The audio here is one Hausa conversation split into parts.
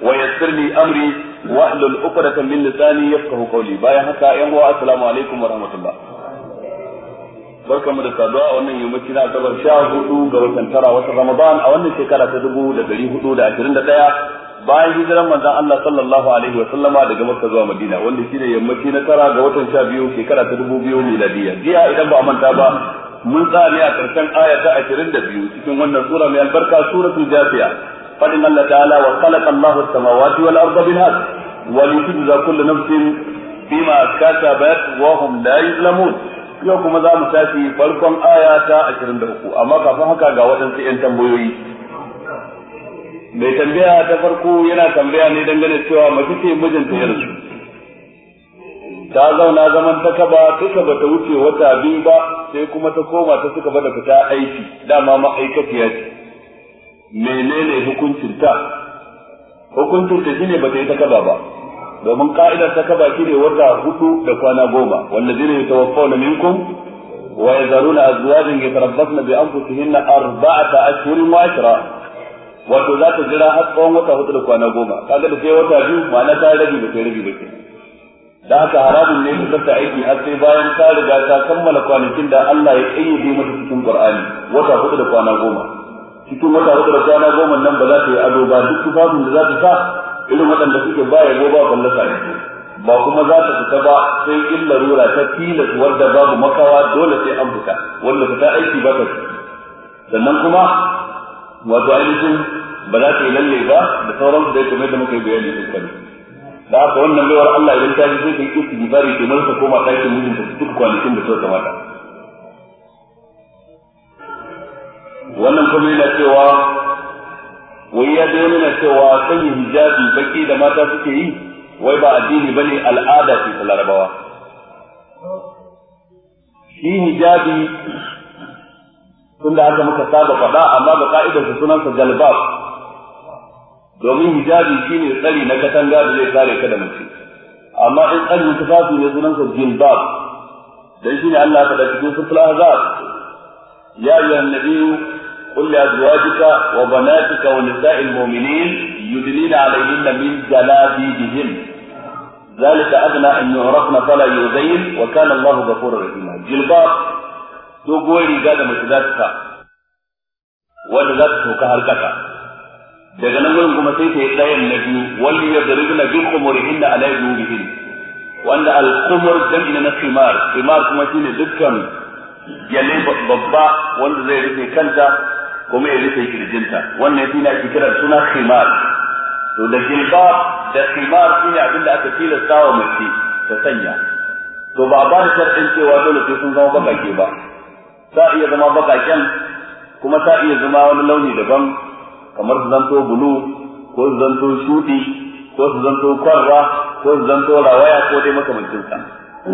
wa yassir li amri wa hlul uqdatan min lisani yafqahu qawli bayan haka yan uwa assalamu alaikum wa rahmatullah barkamu da saduwa a wannan yammaci na asabar sha hudu ga watan tara watan ramadan a wannan shekara ta dubu da dari hudu da ashirin da daya bayan hijiran manzon Allah sallallahu alaihi wa sallama daga Makka zuwa Madina wanda shine yammaci na tara ga watan sha biyu shekara ta dubu biyu miladiyya jiya idan ba a manta ba mun tsaya a karshen aya ta ashirin da biyu cikin wannan sura mai albarka suratul jafiya فإن الله تعالى وخلق الله السماوات والأرض بالهاد ولتجزى كل نفس بما كسبت وهم لا يظلمون yau kuma za mu tashi farkon aya ta uku. amma kafin haka ga waɗansu 'yan tambayoyi mai tambaya ta farko yana tambaya ne dangane cewa mafi ce mijinta ya su. ta zauna zaman ta kaba suka ta wuce wata biyu ba sai kuma ta koma ta suka ba da fita aiki dama ma'aikaciya ce menene hukuncin ta hukuncin ta shine ba ta yi ta kaza ba domin ka'ida ta kaba shine wata hudu da kwana goma wallazina yatawaffawna minkum wa yazaruna azwajin yatarabbasna bi anfusihinna arba'ata ashhurin wa ashra wato za ta jira har tsawon wata hudu da kwana goma kaga da sai wata biyu ma'ana ta rage da ta rage da ke da haka haramun ne ta ta aiki har sai bayan ta riga ta kammala kwanakin da Allah ya kayyade mata cikin Qur'ani wata hudu da kwana goma cikin wata hudu da kwana goma nan ba za ta yi ado ba duk tufafin da za ta sa irin waɗanda suke ba ya ba fallasa ne ba kuma za ta fita ba sai in larura ta tilas wadda babu makawa dole sai an fita wanda fita aiki ba ta sannan kuma wato ainihin ba za ta yi lalle ba da sauran su da ya da muka yi bayani da kan da haka wannan baiwar Allah idan ta yi sai ta yi bari ke ta koma ɗakin mijinta duk kwanakin da ta kamata wannan kuma yana cewa wai ya dai yana cewa sanya hijabi baki da mata suke yi wai ba addini bane al'ada ce ta larabawa shi hijabi tunda haka muka saba faɗa amma ba ka'idar su sunansa jalbab domin hijabi shine tsari na katanga da zai kare ka da mace amma in tsarin tufafi ne sunansa jilbab dan shine Allah ya faɗa cikin sura Ahzab ya ayyuhan nabiyyu قل لأزواجك وبناتك ونساء المؤمنين يدنين عليهن من جلابيبهن ذلك أدنى أن يعرفنا فلا يؤذين وكان الله غفورا رحيما جلباب دو قويري قادة مجلاتك ونجاتك وكهركك دقنا نقولك مسيطة إلهي النبي ولي يضربنا بالخمرهن على جنوبهن وأن القمر جمعنا الخمار خمار كما تيني دكا جلي ببا وانت زي ربني كنت kuma ya rufe kirjinta wannan shi ne ake kira suna khimar to da jilbab da khimar shi ne abin da aka tilasta wa mace ta sanya to ba ba da sharɗin cewa dole sai sun zama bakake ba ta iya zama bakaken kuma ta iya zama wani launi daban kamar su zanto bulu ko su zanto shuɗi ko su zanto kwarra ko su zanto rawaya ko dai makamancinsa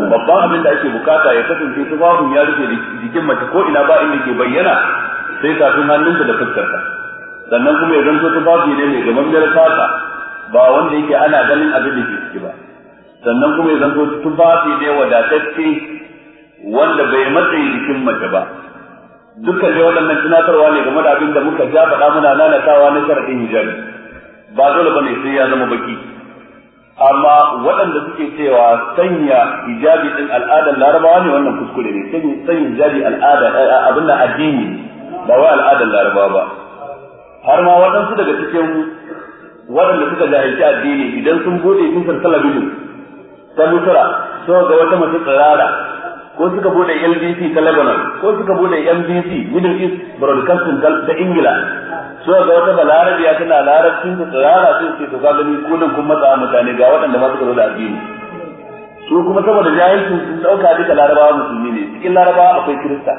babban abin da ake bukata ya kasance tufafin ya rufe jikin mace ko ina ba inda ke bayyana sai fi hannunka da fuskarta sannan kuma ya zanto tufafi ne mai gamammiyar fata ba wanda yake ana ganin abin da ke ciki ba sannan kuma ya zanto tufafi ne wadatacce wanda bai matsayi jikin mace ba dukkan dai waɗannan tunatarwa ne game da abin da muka ja faɗa muna lalatawa na sharaɗin hijabi ba dole ba ne sai ya zama baki amma waɗanda suke cewa sanya hijabi din al'adar larabawa ne wannan kuskure ne sanya hijabi al'ada eh, abin da addini ba wai al'adar laraba ba har ma waɗansu daga cikin waɗanda suka jahilci addini idan sun bude bisan talabijin ta misra so ga wata mace tsirara ko suka bude LBC ta Lebanon ko suka bude MBC Middle East Broadcasting ta Ingila so ga wata balarabiya tana larabcin ta tsirara sun ce to kaga gani kullun kun matsa mutane ga waɗanda ma suka zo da addini su kuma saboda jahilcin sun ɗauka duka larabawa musulmi ne cikin larabawa akwai kirista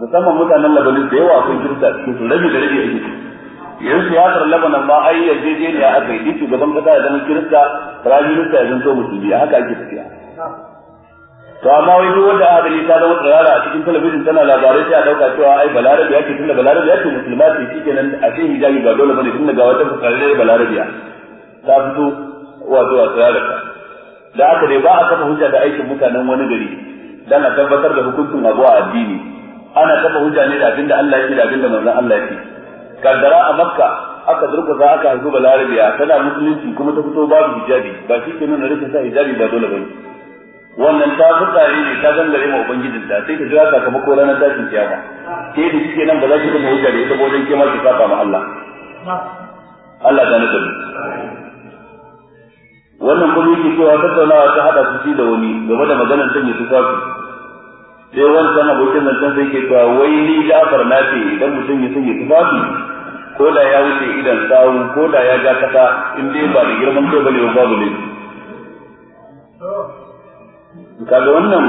musamman mutanen labanin da yawa akwai kirista cikin su rabi da rabi a cikin yan siyasar labanan ma ai yarjejeniya aka yi duk gaban kasa ya zama kirista firaminista ya zanto musulmi A haka ake tafiya to amma wai duk wanda aka gani ta zama tsirara a cikin talabijin tana labarai sai a dauka cewa ai balarabiya ce tunda balarabiya ce musulma ce shikenan a ce hijabi ba dole bane tunda ga wata fukararar balarabiya ta fito wato a tsirararta da aka dai ba a kafa hujja da aikin mutanen wani gari dan a tabbatar da hukuncin abu a addini ana kafa hujja ne da abinda Allah yake da abinda manzon Allah yake kaddara a makka aka durkusa aka haifu balarabiya tana musulunci kuma ta fito babu hijabi ba shi ke nuna rashin sa hijabi ba dole bane wannan ta fita ne ta gangare ma ubangijin ta sai ta jira sakamako ranar tashin kiyama ke da shi nan ba za ki kuma hujja da ita wajen kema ki saba ma Allah Allah ta nufi wannan kuma yake cewa tattaunawa ta hada su da wani game da maganar sanya tufafi sai wancan abokin can sai ke cewa wai ni jafar na ce idan mutum ya sanya tufafi ko da ya wuce idan sawu ko da ya ja kasa in dai ba da girman kai bane babu ne ga wannan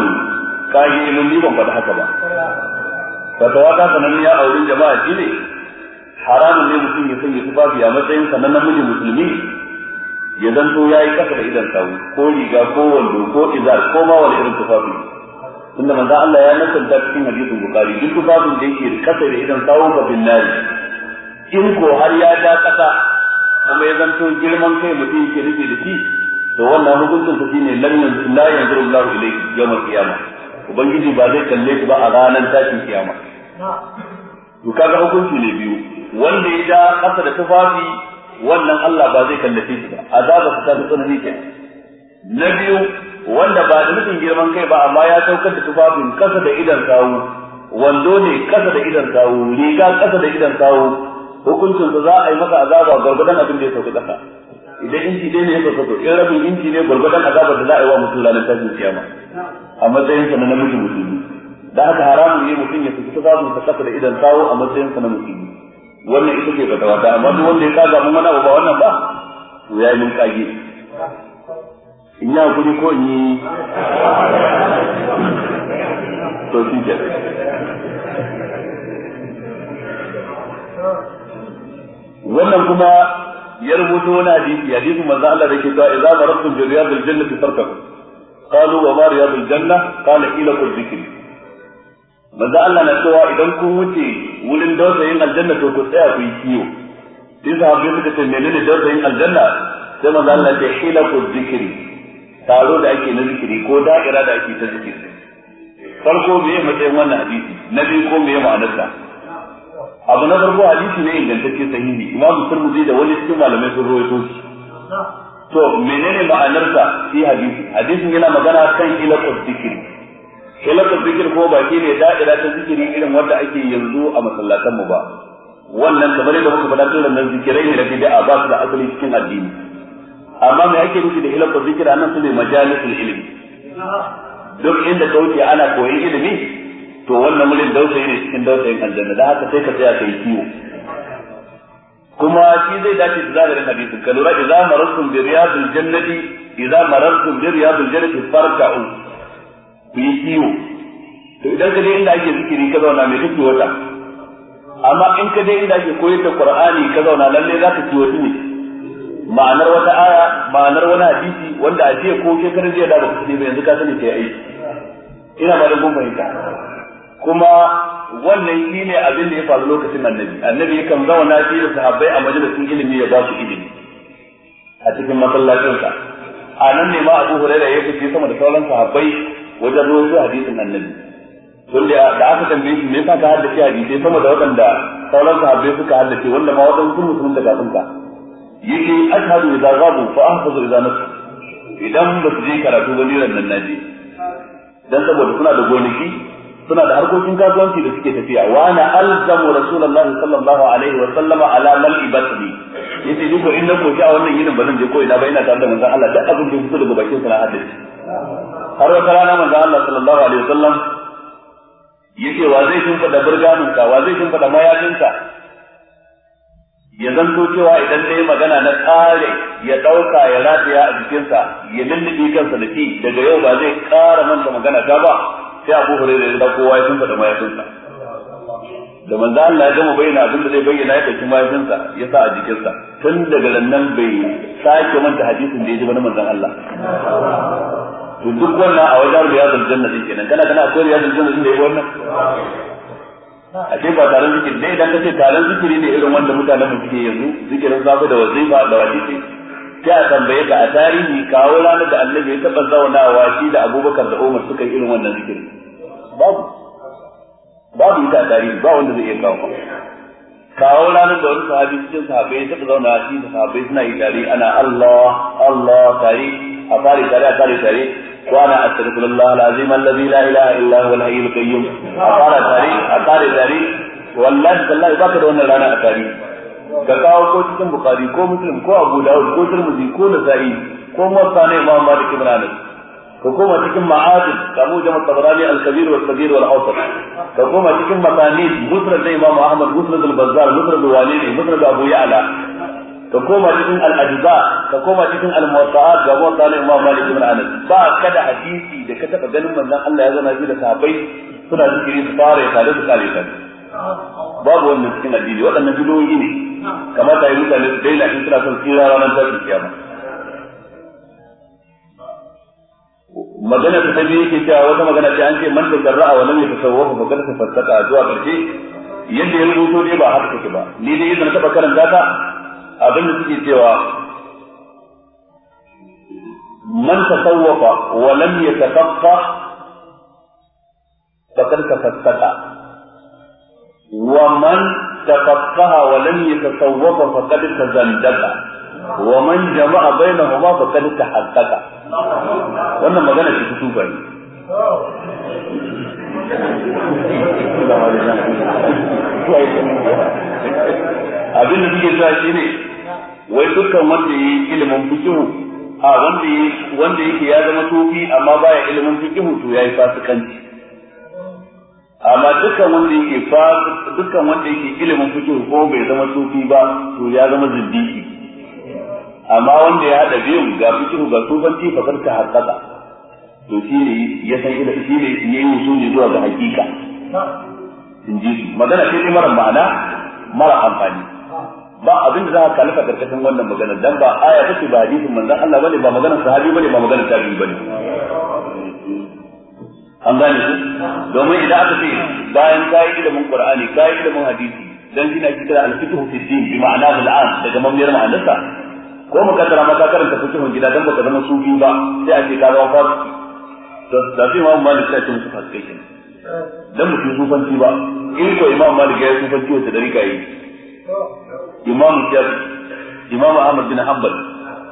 kage mun ni ban fada haka ba ka ta sanan ya aure jama'a ne haramun ne mutum ya sanya tufafi a matsayin sanan na namiji musulmi ya zanto ya yi kasa da idan sawu ko riga ko wando ko izar ko ma wani irin tufafi tunda manzo Allah ya nasanta cikin hadisin Bukhari duk tufafin da yake kasa da idan tawo ga binnari in ko har ya da kasa kuma ya zanto girman kai mutum yake rufe da shi to wannan hukuncin ta shine lam yanzu la yanzu Allah ilayhi yawmal qiyama ubangiji ba zai kalle ku ba a ranar tashin kiyama to kaga hukunci ne biyu wanda ya da kasa da tufafi wannan Allah ba zai kallafe shi ba azaba ta tsanani kenan na biyu wanda ba da nufin girman kai ba amma ya saukar da tufafin kasa da idan sawu wando ne kasa da idan sawu riga kasa da idan sawu hukuncin za a yi masa azaba gargadan abin da ya sauka kasa idan inci dai ne ya sauka to in rabin inci ne gargadan azabar da za a yi wa mutum ranar tashin kiyama a matsayin sa na namiji musulmi da haka haramun ne mutum ya sauka tufafin sa kasa da idan sawu a matsayin sa na musulmi wannan ita ce fatawa tawata. amma duk wanda ya kaga mun mana ba wannan ba to ya yi mun kage ina yi ko in yi to shi ke wannan kuma ya rubuta wani hadisi hadisi manzo Allah da ke cewa idza marattum bi riyadil jannati fartakum qalu wa ma riyadil janna qala ila kul zikri manzo Allah na cewa idan kun wuce wurin dausayin aljanna to ku tsaya ku yi kiyo sai sahabbai suka ce menene dausayin aljanna sai manzo Allah ya ce ila kul zikri taro da ake na zikiri ko da'ira da ake ta zikiri farko me ya matsayin wannan hadisi na biyu ko me ya ma'anarsa abu na farko hadisi ne ingantacce sahihi imamu turmuzi da wani cikin malamai sun rawaito shi to menene ma'anarsa shi hadisi hadisin yana magana kan ilaqul zikiri ilaqul zikiri ko ba ke ne da'ira ta zikiri irin wanda ake yanzu a masallatan mu ba wannan kamar da muka faɗa tun nan zikirai ne da bid'a ba su da asali cikin addini amma me ake nufi da ilmu zikira nan sune majalisul ilmi duk inda ka wuce ana koyi ilimi to wannan mulin dausayi ne cikin dausayin aljanna da haka sai ka tsaya kai kiwo kuma shi zai dace da zahirin hadisin ka lura idza marartum bi riyadil jannati idza marartum bi riyadil jannati farka'u ku kiwo to idan ka je inda ake zikiri ka zauna mai duk wata amma in ka dai inda ake koyar da qur'ani ka zauna lalle zaka kiwo ne ma'anar wata aya ma'anar wani hadisi wanda a jiya ko shekarar jiya da baka ne ba yanzu ka sani kai aiki ina ba da kun fahimta kuma wannan shi ne abin da ya faru lokacin annabi annabi yakan zauna shi da sahabbai a majalisin ilimi ya ba su ilimi a cikin masallacinsa a nan ne ma abu hurairah ya fice sama da sauran sahabbai wajen su hadisin annabi tun da aka tambaye shi me yasa ka haddace hadisi sama da waɗanda sauran sahabbai suka haddace wanda ma waɗansu musulun daga kafin ka yake ashhadu idza ghabu fa ahfazu idza nasu idan ba su je karatu ba jiran nan naje dan saboda suna da gonaki suna da harkokin kasuwanci da suke tafiya wa ana alzamu rasulullahi sallallahu alaihi wa sallama ala mal'i basri yace duk in na koki a wannan yinin ba zan je ko ina ba ina tare da manzon Allah duk abin da fito daga bakin sa na hadisi har wa rana manzon Allah sallallahu alaihi wa sallam yace wa zai shin fada burgamin ka wa zai shin fada mayajin ka ya zanto cewa idan ne magana na tsare ya ɗauka ya rataya a jikinsa ya lullube kansa da ki daga yau ba zai ƙara manta magana ta ba sai abu hurairu ya dauko kowa ya da mayafinsa da manzo Allah ya gama bayyana abin da zai bayyana ya dauki mayafinsa ya sa a jikinsa tun daga nan bai sake manta hadisin da ya ji na manzo Allah to duk wannan a wajen riyadul janna din kenan kana kana akwai riyadul janna din da ya wannan a ce ba taron zikiri ne idan ka ce taron zikiri ne irin wanda mutanen mu suke yanzu zikirin safe da wazifa da wajibi sai a tambaye ka a tarihi kawo ranar da annabi ya taɓa a shi da abubakar da umar suka yi irin wannan zikiri babu babu ita a tarihi ba wanda zai iya kawo ba. kawo ranar da wani sahabi cikin sahabai ya taɓa zauna a shi da sahabai suna yi tare ana Allah Allah tare a fari tare a fari tare وانا استغفر الله العظيم الذي لا اله الا هو الحي القيوم اقال تاريخ اقال تاريخ wallahi tallahi baka da wannan rana a tarihi ka kawo ko cikin bukhari ko muslim ko abu dawud ko tirmidhi ko nasa'i ko muwatta ne imam malik ibn anas ka koma cikin ma'adin ka mu jama'a tabarani wa al wa al ka koma cikin da ahmad abu ka koma cikin al'adiba ajza ka koma cikin al-muwatta'at ga muwatta na Imam Malik ibn Anas ba kada hadisi da ka taba ganin manzon Allah ya zauna biyu da sahabbai suna zikiri su fara ya tare su kare ta babu wanda cikin hadisi. waɗannan bidoyi ne ta yi mutane su daina in suna son tsira ranar tashin kiyama magana ta tabi yake cewa wata magana ce an ce man ta jarra'a wa lam yatasawwafa fa kada ta fassaka zuwa karshe yadda ya rubuto ne ba haka take ba ni dai yadda na taba karanta ta abinda suke cewa man tasawwafa wa lam yatasaffa faqad tafassaqa wa man tafassaha wa lam yatasawwafa faqad zandaka, wa man jama'a bainahuma faqad tahaqqaqa wannan magana ce ta tubai Thank abin da suke sa shi ne wai dukkan wanda yi ilimin fikihu a wanda yi wanda yake ya zama tofi amma baya ilimin fikihu to yayi fasikanci amma dukkan wanda yake fa dukkan wanda yake ilimin fikihu ko bai zama tofi ba to ya zama zindiki amma wanda ya hada biyun ga fikihu ga tofanci fa karka haƙƙaƙa to shi ne ya san ila shi ne yayi usuli zuwa ga hakika in ji magana ce mara ma'ana mara amfani ba abin da za ka kalifa karkashin wannan magana dan ba aya ce ba hadisin manzon Allah bane ba maganar sahabi bane ba maganar tabi'i bane an gane su domin idan aka ce bayan kayi mun qur'ani kayi mun hadisi dan shi na kira al fitu fi din bi ma'ana al-an daga mamiyar ma'anarsa ko mu kaddara ma ta karanta fiqhun gida dan baka zama sufi ba sai a ce ka zama fasiki to da fi ma malik sai musu fasiki dan mutum sufanci ba in ko imam malik ya sufanci wata dariƙa yi imamu shafi imamu ahmad bin hanbal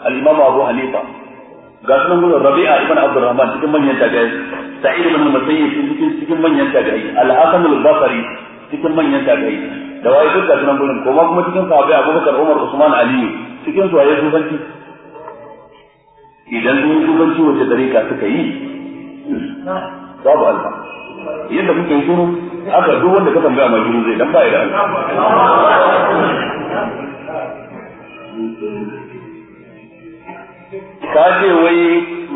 al-imamu abu halifa ga sunan gudun rabi'a ibn abdurrahman cikin manyan tagayi sa'id ibn musayyib cikin cikin manyan tagayi al-hasan al-basri cikin manyan tagayi da wai duk ga sunan gudun kuma kuma cikin sahabbai abubakar umar usman ali cikin su waye sufanci idan sun sufanci wace dariƙa suka yi babu alfa yadda muke shiru haka duk wanda ka tambaya ma shiru zai dan ba da ka ce wai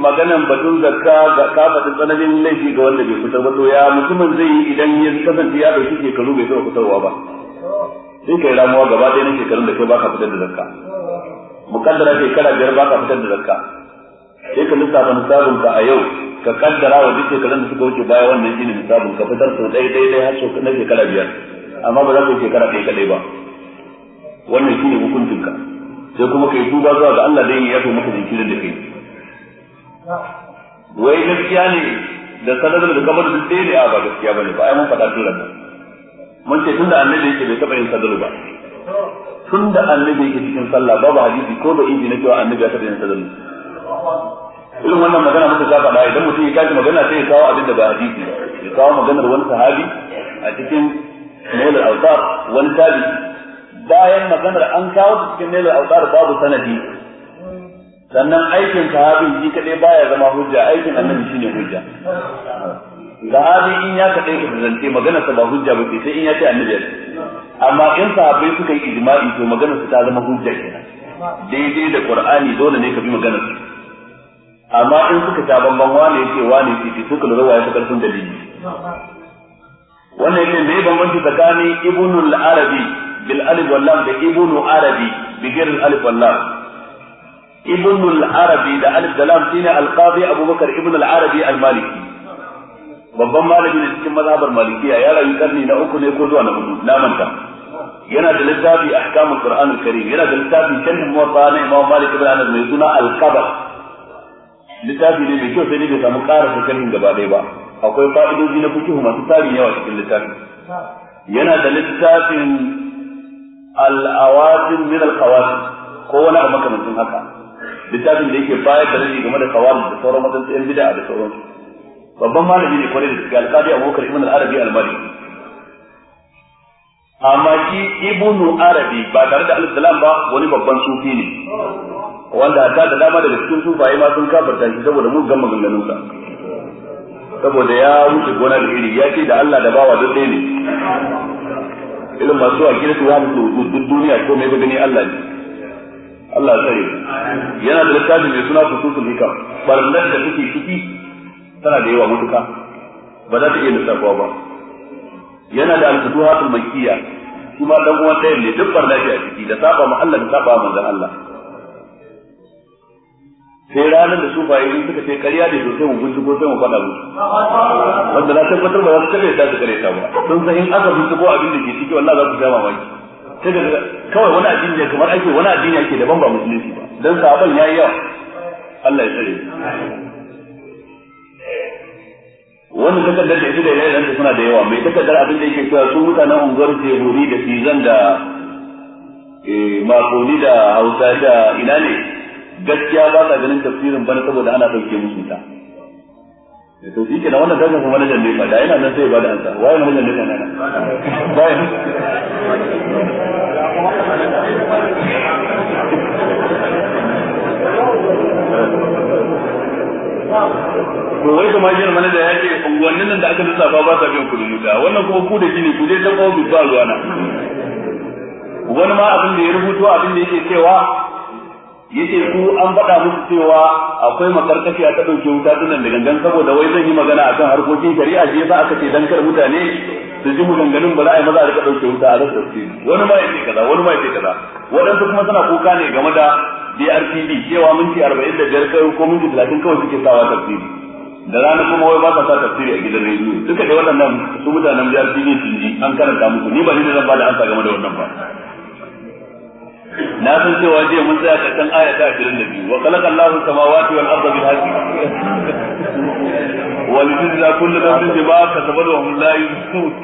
maganan batun zakka ga ka faɗi tsananin laifi ga wanda bai fitar ba to ya mutumin zai yi idan ya kasance ya dauki shekaru bai taɓa fitarwa ba sai kai ramuwa gaba ɗaya na shekarun da kai baka fitar da zakka mukaddara shekara biyar baka fitar da zakka sai ka lissafa nisabinka a yau ka kaddara wa duk shekarun da suka wuce baya wannan shine misalin ka fitar sau ɗaya ɗaya ɗaya har sau na shekara biyar amma ba za ka yi shekara ɗaya kaɗai ba wannan shine hukuncin ka sai kuma kai duba zuwa ga Allah dai ya yafe maka jinkirin da kai wai gaskiya ne da sanadar da kamar duk ɗaya ne a ba gaskiya ba ne ba ai mun faɗa tun ranar mun ce tun da annabi yake bai taɓa yin sadar ba da annabi yake cikin sallah babu hadisi ko da inji na cewa annabi ya taɓa yin sadarwa irin wannan magana muka saba da idan mutum ya kashi magana sai ya kawo abin da ba hadisi ya kawo maganar wani sahabi a cikin nailar autar wani tabi bayan maganar an kawo ta cikin nailar autar babu sanadi sannan aikin sahabin shi kadai baya zama hujja aikin annabi shine hujja sahabi in ya kadai ka zance maganar sa ba hujja ba sai in ya ce annabi amma in sahabbai suka yi ijma'i to maganar su ta zama hujja kenan daidai da qur'ani dole ne ka bi maganar su amma in suka ta bambam wane yake wane yake su kula rawa ya fi karfin dalili wannan yake me bambanci tsakanin ibnul arabi bil alif wal lam da ibnu arabi bi ghairi al alif wal lam ibnul arabi da alif da lam shine al qadi abubakar ibn al arabi al maliki babban malami ne cikin mazhabar malikiya ya rayu karni na uku ne ko zuwa na hudu na manta yana da littafi ahkamul qur'an al karim yana da littafi sharh muwatta na imam malik ibn anas mai suna al kabar littafi ne mai kyau sai dai bai samu ƙara sakalin gaba ɗaya ba akwai fa'idoji na fikihu masu tarin yawa cikin littafin yana da littafin al'awatin min al-qawatin ko wani abu makamancin haka littafin da yake bayar da rashi game da qawatin da sauran yan bid'a da sauransu babban malami ne kwarai da gaske alƙadi abubakar ibn al-arabi al mali amma shi ibnu arabi ba tare da al-salam ba wani babban sufi ne wanda ta da dama daga cikin sufaye ma sun kafarta shi saboda maganganun sa saboda ya wuce gona da iri ya ce da Allah da bawa duk ne irin masu a za mu da duk duniya ko mai gani Allah ne Allah sai yana da littafi mai suna kusutul hikam barnar da take ciki tana da yawa mutuka ba za ta iya nisa ba yana da al-futuhatul makiyya. kuma ma dan uwan ɗayan ne duk barnar da ciki da saba ma Allah da saba manzon Allah sai ranar da su yi suka ce karya da su sai mu binciko sai mu faɗa musu wanda na tabbatar ba za su kare ta su kare ta ba sun san in aka binciko abin da ke ciki wallahi za su sha mamaki sai da kawai wani addini ne kamar ake wani addini ake daban ba musulunci ba Don sabon yayi yawa Allah ya tsare wannan takardar da ita da yayin da suna da yawa mai takardar abin da yake cewa su mutanen unguwar jehuri da sizan da eh, makoni da hausa da ina ne gaskiya ba sa ganin tafsirin bana saboda ana dauke musu ta da eh, to shi na wannan dajin kuma najan nefa da yana nan sai ba da ansa waye najan nefa nan waye ko wai kuma jin mana da yake unguwannin nan da aka lissafa ba sa biyan kudin wuta wannan kuma ku da shine ku dai ta kawo ba ruwana wani ma abin da ya rubuto abin da yake cewa yace su an faɗa musu cewa akwai makarkashiya ta ɗauke wuta tunan da gangan saboda wai zan yi magana akan harkokin shari'a shi yasa aka ce dan kar mutane su ji maganganun ba za a yi maza a rika ɗauke wuta a rasa su wani ma yace kaza wani ma yace kaza waɗansu kuma suna kuka ne game da DRTV cewa minti arba'in da biyar kai ko minti talatin kawai suke sawa tafsiri da rana kuma wai ba sa sa tafsiri a gidan rediyo duka da waɗannan su mutanen DRTV sun ji an karanta musu ni ba ni da zan ba da ansa game da wannan ba na san cewa jiya mun tsaya karshen aya ta 22 wa khalaqa Allahu samawati wal arda bil haqqi wa yujza kullu nafsin bima kasabat wa hum la yusut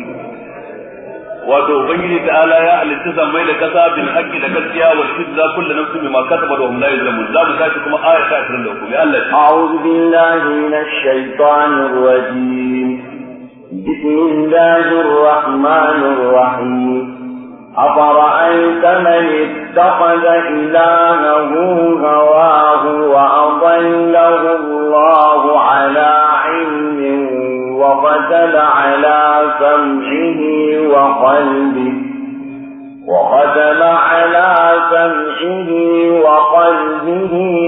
wato ubangiji ta'ala ya halitta sammai da kasa bil haqqi da gaskiya wa yujza kullu nafsin bima kasabat wa hum la yuzlamun za mu tashi kuma aya ta 23 ya Allah a'udhu billahi minash shaitanir rajim بسم الله الرحمن الرحيم أفرأيت من اتخذ إلهه هواه وأضله الله على علم وقتل على سمعه وقلبه وقتل على سمعه وقلبه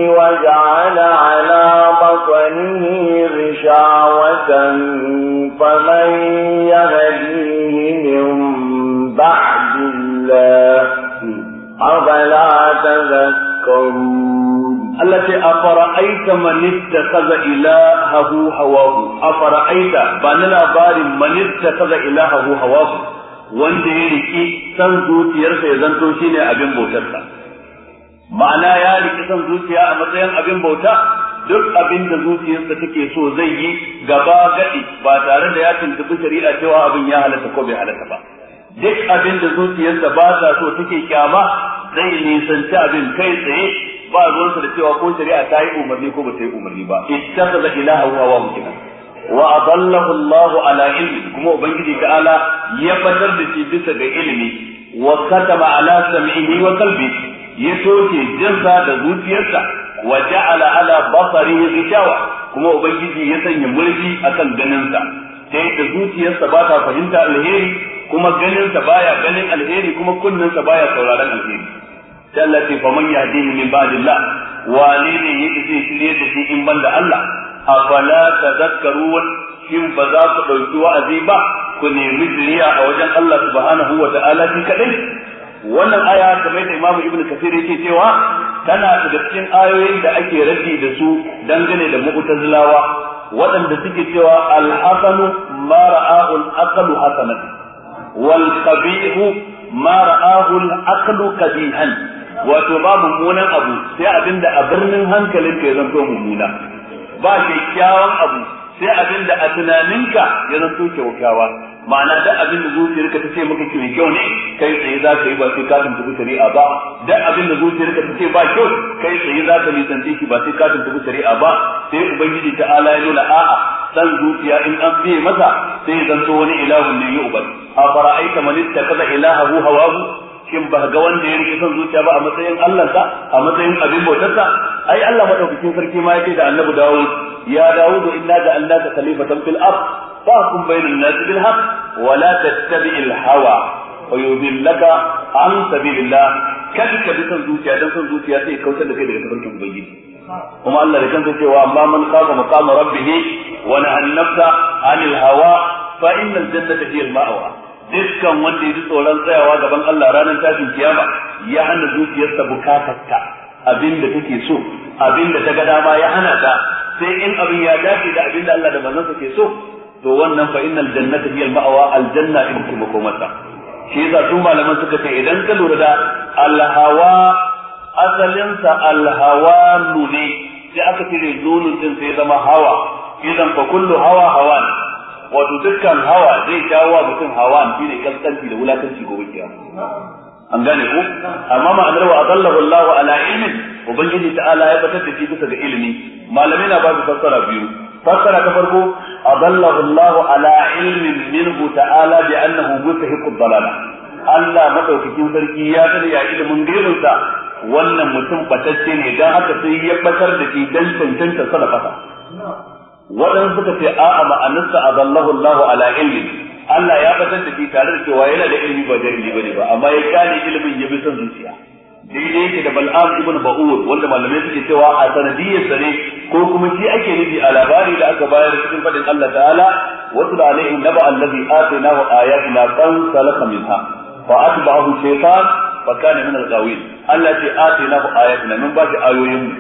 تذكرون التي أفرأيت من اتخذ إلهه هواه أفرأيت باننا بار من اتخذ إلهه هواه wanda ya riki san zuciyarsa ya zanto shi ne abin bautarsa ma'ana ya riki san zuciya a matsayin abin bauta duk abin da zuciyarsa take so zai yi gaba gadi ba tare da ya tuntuɓi shari'a cewa abin ya halatta ko bai halatta ba duk abin da zuciyarsa ba ta so take kyama zai nisanci abin kai tsaye ba ruwansa da cewa ko shari'a ta yi umarni ko ba ta yi umarni ba ittakhadha ilaha wa wa mutuna. wa adallahu Allah ala ilmi kuma ubangiji ala ya fatar da shi bisa ga ilimi wa katama ala sam'ihi wa qalbi ya toke jinsa da zuciyarsa wa ja'ala ala basarihi ghishawa kuma ubangiji ya sanya mulki akan ganinsa sai da zuciyarsa ba ta fahimta alheri kuma ganin sa baya ganin alheri kuma kunnin sa baya sauraron alheri sai Allah ce fa man yahdihi min ba'dillah ne yake zai shirye da shi in banda Allah afala tadhakkarun shin ba za ku dauki wa'azi ba ku nemi duniya a wajen Allah subhanahu wa ta'ala shi kadai wannan aya kamar da Imam ibnu Kathir yake cewa tana daga cikin ayoyin da ake raddi da su dangane da mu'tazilawa waɗanda suke cewa al-hasanu ma ra'a'ul aqlu hasanatu wal qabihu ma ra'ahu al wato ba mummunan abu sai da a birnin hankalinka ya zanto mummuna ba kyakkyawan abu sai abinda a tunaninka ya zanto kyakkyawa ma'ana da abin da zuciyarka ta ce maka ki mai kyau ne kai tsaye za ka yi ba sai ka tuntubi shari'a ba da abin da zuciyarka ta ce ba kyau kai tsaye za ka nisanci shi ba sai ka tuntubi shari'a ba sai ubangiji ta ala ya nuna a'a san zuciya in an biye masa sai zanto wani ilahun ne yi uban a fara'aita man ittakaza ilahahu hawahu shin ba ga wanda ya rike son zuciya ba a matsayin Allah sa a matsayin abin bautarsa ai Allah madaukakin sarki ma yake da Annabi Dawud ya Dawud inna ja'alnaka khalifatan fil ard fahkum bainan nas bil haqq wa la tattabi'il hawa fa yudillaka an sabilillah kada bi son zuciya dan son zuciya sai kautar da kai daga tafarkin ubangiji kuma Allah da kansa cewa amma man qafa maqama rabbih wa nahana nafsa anil hawa fa innal jannata hiya al ma'wa dukkan wanda ya ji tsoron tsayawa gaban Allah ranar tashin kiyama ya hana zuciyarsa bukatarta abin da take so abin da ta ga dama ya hana ta sai in abin ya dace da abin da Allah da sa ke so to wannan fa innal jannata hiya al-ma'wa al-janna in kuma shi yasa su malaman suka ce idan ka lura da al-hawa asalinsa al-hawa ne sai aka cire nunun din sai zama hawa idan fa kullu hawa hawan wato dukkan hawa zai jawo wa mutum hawa an shine kaskanci da wulakanci gobe kiyama an gane ko amma ma'anar wa adallahu Allahu ala ilmin ubangiji ta'ala ya batar da shi bisa ga ilimi malamai na ba su fassara biyu fassara ta farko adallahu Allahu ala ilmin minhu ta'ala bi annahu mustahiqu dhalala Allah madaukakin sarki ya sani ya ilimin gaibinsa wannan mutum batacce ne dan haka sai ya batar da shi dan cancanta sadaka waɗansu suka ce a'a ma'anarsa azallahu Allahu ala ilmi Allah ya fitar da shi tare da cewa yana da ilimi ba jahili bane ba amma ya gane ilimin ya bi son zuciya daidai yake da Bal'am ibn Ba'ur wanda malamai suke cewa a sanadiyyar sa ne ko kuma shi ake nufi a labari da aka bayar cikin fadin Allah ta'ala wa tul alaihim naba allazi atina wa ayatina qan salaka minha fa atba'ahu shaytan fa kana min al-ghawin Allah ce atina wa ayatina mun ba shi ayoyin mu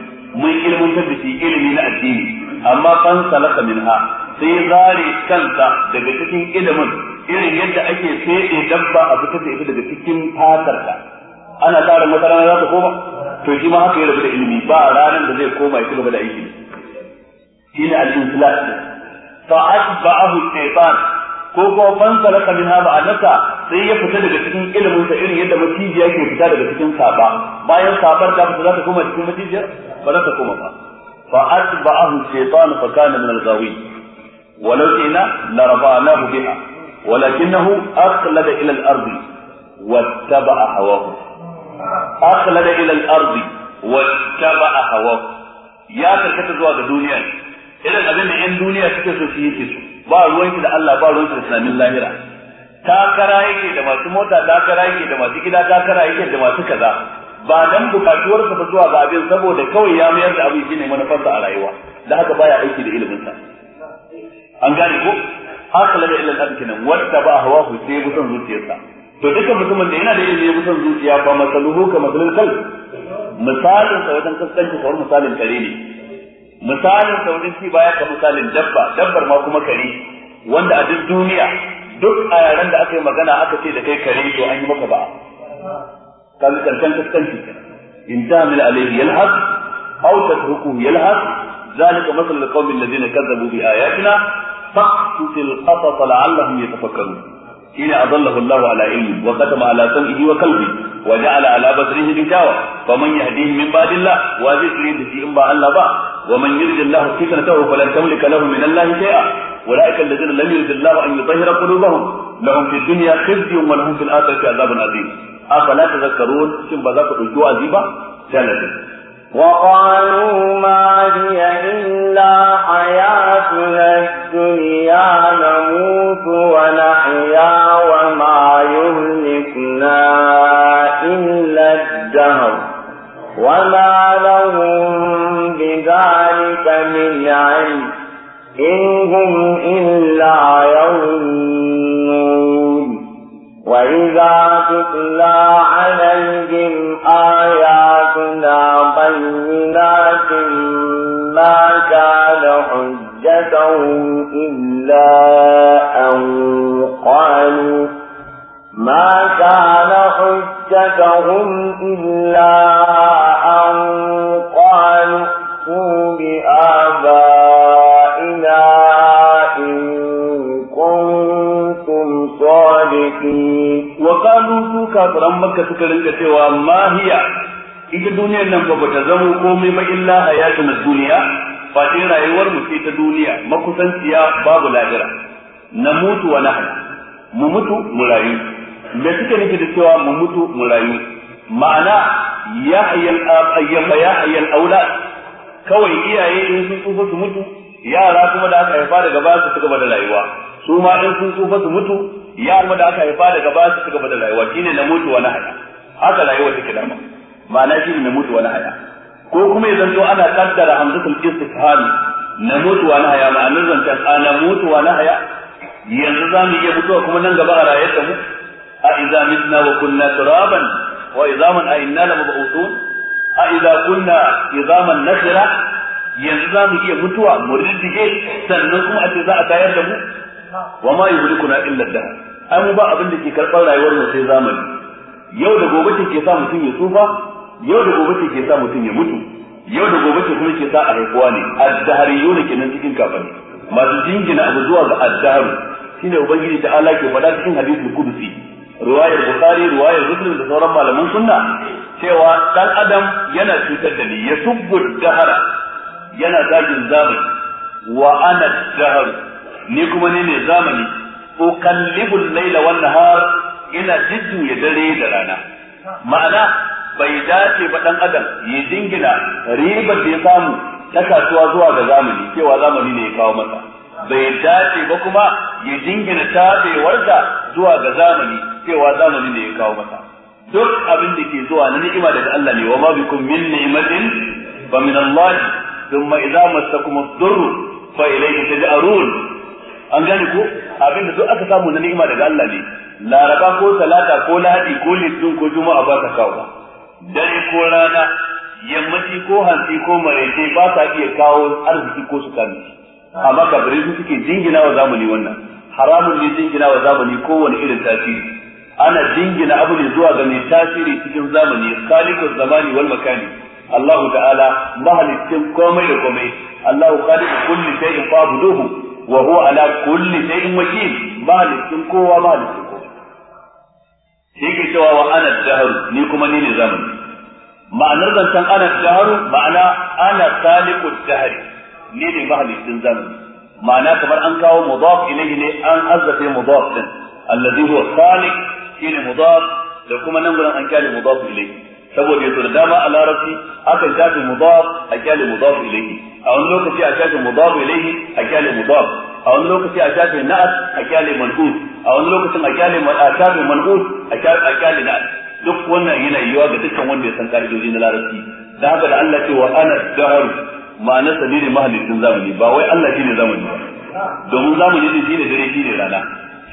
mun ilmantar da shi ilimi na addini amma fan salaka minha sai zare kansa daga cikin ilimin irin yadda ake fede dabba a fita da ita daga cikin fatarka ana tsara wata za ta koma to shi ma haka ya rabu da ilimi ba ranar da zai koma ya ci gaba da aiki shi ne al-insulaat fa asba'ahu shaytan ko ko fan salaka minha ba anaka sai ya fita daga cikin ilimin sa irin yadda matijiya ke fita daga cikin saba bayan sabar ta fita za ta koma cikin macijiyar ba za ta koma ba فأتبعه الشيطان فكان من الغاوين ولو شئنا لرفعناه بها ولكنه أخلد إلى الأرض واتبع هواه أخلد إلى الأرض واتبع هواه ya karkata zuwa ga duniya irin abin da 'yan duniya suke so yake so ba ruwanki da Allah ba lahira takara yake da masu mota takara yake da masu gida takara yake da masu kaza ba nan bukatuwar sa ba zuwa ga abin saboda kawai ya mayar da abin shine sa a rayuwa da haka baya aiki da ilimin sa an gane ko akala da ilal nan, wanda ba hawa ku sai busan zuciyarsa to duka mutumin da yana da ilimi busan zuciya ba masaluhu ka masalul kal misalin sa wajen kaskanci kawai misalin kare ne misalin sa wajen shi baya ka misalin dabba dabbar ma kuma kare wanda a duk duniya duk a yaren da aka yi magana aka ce da kai kare to an yi maka ba قال لك كان تستنفي إن تعمل عليه يلهث أو تتركه يلهث ذلك مثل القوم الذين كذبوا بآياتنا فاقصص القصص لعلهم يتفكرون حين أضله الله على علم وختم على سمعه وقلبه وجعل على بصره غشاوة فمن يهديه من بعد الله وذكر يهدي إن با الله با ومن يرد الله فتنته فلن تملك له من الله شيئا أولئك الذين لم يرد الله أن يطهر قلوبهم لهم في الدنيا خزي ولهم في الآخرة عذاب عظيم A'a fa la ba za ka ɗauko aji ba. Ya lita. Wakwano ma'aji ya illa aya suna duniya na mutuwa na iyawa mayu na illar da hau, wana rauni gari ka miliyari, in وإذا تتلى عليهم آياتنا بينات ما كان حجتهم إلا أن قالوا ما كان حجتهم إلا أن قالوا ائتوا بآبائنا wa qalu su kafiran makka suka rinka cewa ma ita duniyar nan ba ta zama komai ba illa hayatun duniya fa ce rayuwar mu ce ta duniya makusanciya babu lahira na mutu wa nahar mu mutu mu rayu me suke nufi da cewa mu mutu mu rayu ma'ana ya hayyal aulad kawai iyaye in sun tsufa su mutu yara kuma da aka haifa daga baya su gaba da rayuwa su ma in sun tsufa su mutu yaran da aka haifa daga ba su gaba da rayuwa shine na mutu wani haya. haka rayuwa take da ma ma'ana shine na mutu wani haya. ko kuma ya zanto ana kaddara hamzatul istifham na mutu wani haya ma'anar zanta ana mutu wani haya yanzu za mu iya mutuwa kuma nan gaba a rayar da mu a idza mitna wa kunna turaban wa idzaman a inna la mab'utun a idza kunna idzaman nasira yanzu za mu iya mutuwa mu riddige sannan kuma a ce za a tayar da mu Wama ma yuhlikuna illa ad-dahr ai mu ba abin da ke karɓar rayuwar mu sai zamani yau da gobe ce ke sa mutum ya tsufa yau da gobe ce ke sa mutum ya mutu yau da gobe ce kuma ke sa a haifuwa ne ad-dahriyuna kenan cikin kafani masu jingina abu zuwa ga ad shine ubangiji ta Allah ke faɗa cikin hadisul kudusi ruwayar bukhari ruwayar muslim da sauran malamin sunna cewa dan adam yana cutar da ni ya subbu dahara yana zagin zamani wa ana dahar ni kuma ni ne zamani kallibul laila wan nahar ina ya dare da rana ma'ana bai dace ba dan adam ya jingina ribar da ya samu ta kasuwa zuwa ga zamani cewa zamani ne ya kawo masa bai dace ba kuma ya jingina tabewarsa zuwa ga zamani cewa zamani ne ya kawo masa duk abin da ke zuwa na ni'ima daga Allah ne wa ma bikum min ni'matin fa min Allah thumma idza massakum ad-durr fa ilayhi taj'arun an gane ko abinda duk aka samu na ni'ima daga Allah ne laraba ko talata ko lahadi ko litinin ko juma'a ba ta kawo dare ko rana yammaci ko hantsi ko maraice ba ta iya kawo arziki ko su kame amma kabirai su suke jingina wa zamani wannan haramun ne jingina wa zamani kowane irin tasiri ana jingina abu ne zuwa ga mai tasiri cikin zamani khaliqul zamani wal makani Allah ta'ala mahalicin komai da komai Allah khaliqu kulli shay'in fa'buduhu وهو على كل شيء وكيل مالك من قوة مالك من قوة شيك شوى وأنا الجهر نيكم أني نظام ما نرضى أن أنا الجهر معنى أنا خالق الجهر نيني مالك من ذنب معنى كما أنك هو مضاف إليه لي أن أزل في مضاف الذي هو خالق شيني مضاف لو كما نمرا أن كان مضاف إليه سبب يتردام على رأسي أكل جاء مضاف أكل مضاف إليه a wani lokaci a shafin mudafu ilaihi a kyale mudaf a wani lokaci a shafin na'at a kyale man'ud a wani lokacin a kyale a shafin man'ud a kyale na'at duk wannan yana yiwa ga dukkan wanda ya san ka'idoji na larabci da haka da Allah ce wa ana dahar ma'ana sabirin mahallicin zamani ba wai Allah shine zamani ba domin zamani ne shine dare shine rana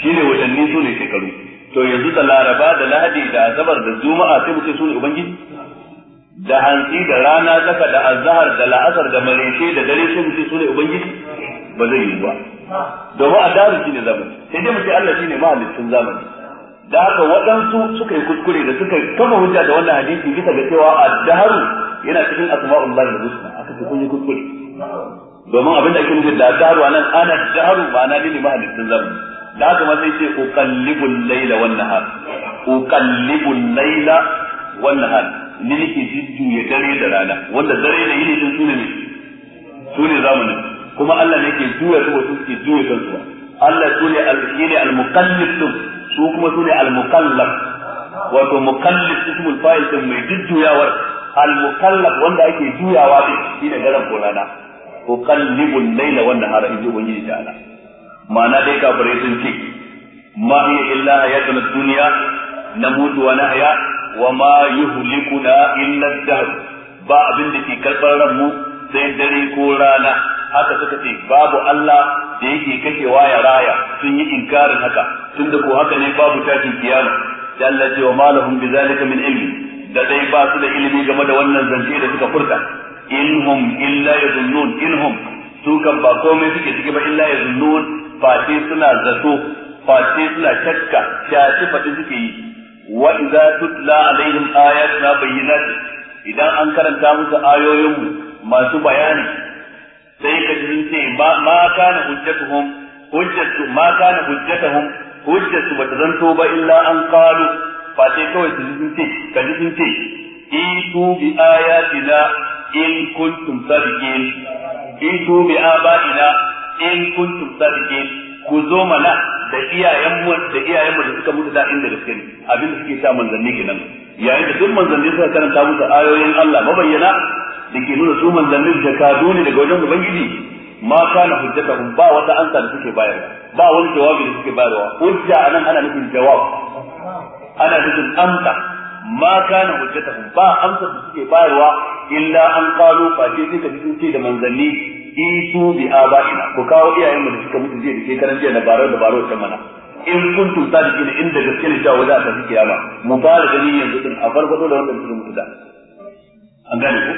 shine watanni sune shekaru to yanzu da laraba da lahadi da asabar da juma'a sai mu ce sune ubangiji da hantsi da rana tsaka da azhar da la'asar da marece da dare sun ce sune ubangiji ba zai yi ba domin a daru shine zamani sai dai mu ce Allah shine mahalicin zamani da haka waɗansu suka yi kuskure da suka kama hujja da wannan hadisi bisa ga cewa daharu yana cikin asma'ullah da husna aka ce kun yi kuskure domin abin da ake nufi da addaharu anan ana ba na ne mahalicin zamani da haka ma sai ce ukallibul laila wan nahar ukallibul laila wan nahar ni nake jujjuya dare da rana wanda dare da yini din sune ne sune zamanin kuma Allah ne ke juya su wasu ke juya kansu ba Allah sune al-shine al-muqallid su kuma sune al-muqallab wato muqallid ismul fa'il din mai jujjuyawar al-muqallab wanda ake juyawa din shine daren ko rana uqallibul layla wan nahara inji ubangiji ta'ala ma'ana dai kafirai sun ce ma hiya illa hayatun dunya namutu wa nahya wa ma yuhlikuna illa ad-dahr ba abin da ke karbar ran mu sai dare ko rana haka suka ce babu Allah da yake kashewa ya raya sun yi inkarin haka tunda ko haka ne babu tashin kiyama da Allah ce wa malahum bizalika min ilmi da dai ba su da ilimi game da wannan zance da suka furta inhum illa yazunnun inhum su kan ba komai suke ciki ba illa yazunnun fa suna zato fa suna shakka shafi faɗi suke yi wa idza tutla alaihim ayatuna bayyinat idan an karanta musu ayoyin masu bayani sai ka ji ma kana hujjatuhum hujjatu ma kana hujjatuhum hujjatu bata zanto ba illa an qalu fa sai kawai su sun ce bi ayatina in kuntum sadiqin bi ku zo mana da iyayen mu da iyayen mu da suka mutu da inda gaske ne abin da suke sa manzanni kenan yayin da duk manzanni suka karanta musu ayoyin Allah mabayyana da ke nuna su manzanni da kado ne daga wajen ubangiji ma kana kun ba wata ansa da suke bayarwa ba wani jawabi da suke bayarwa hujja anan ana nufin jawab ana nufin amsa ma kana kun ba amsa da suke bayarwa illa an qalu fa sai suka ce da manzanni isu bi abaina ku kawo iyayenmu da suka mutu jiya da karan jiya na barar da baro ta mana in kuntum sadiqin inda gaske ne cewa za ta fi kiyama mu fara gani yanzu din a farko da wanda suka mutu da an gane ku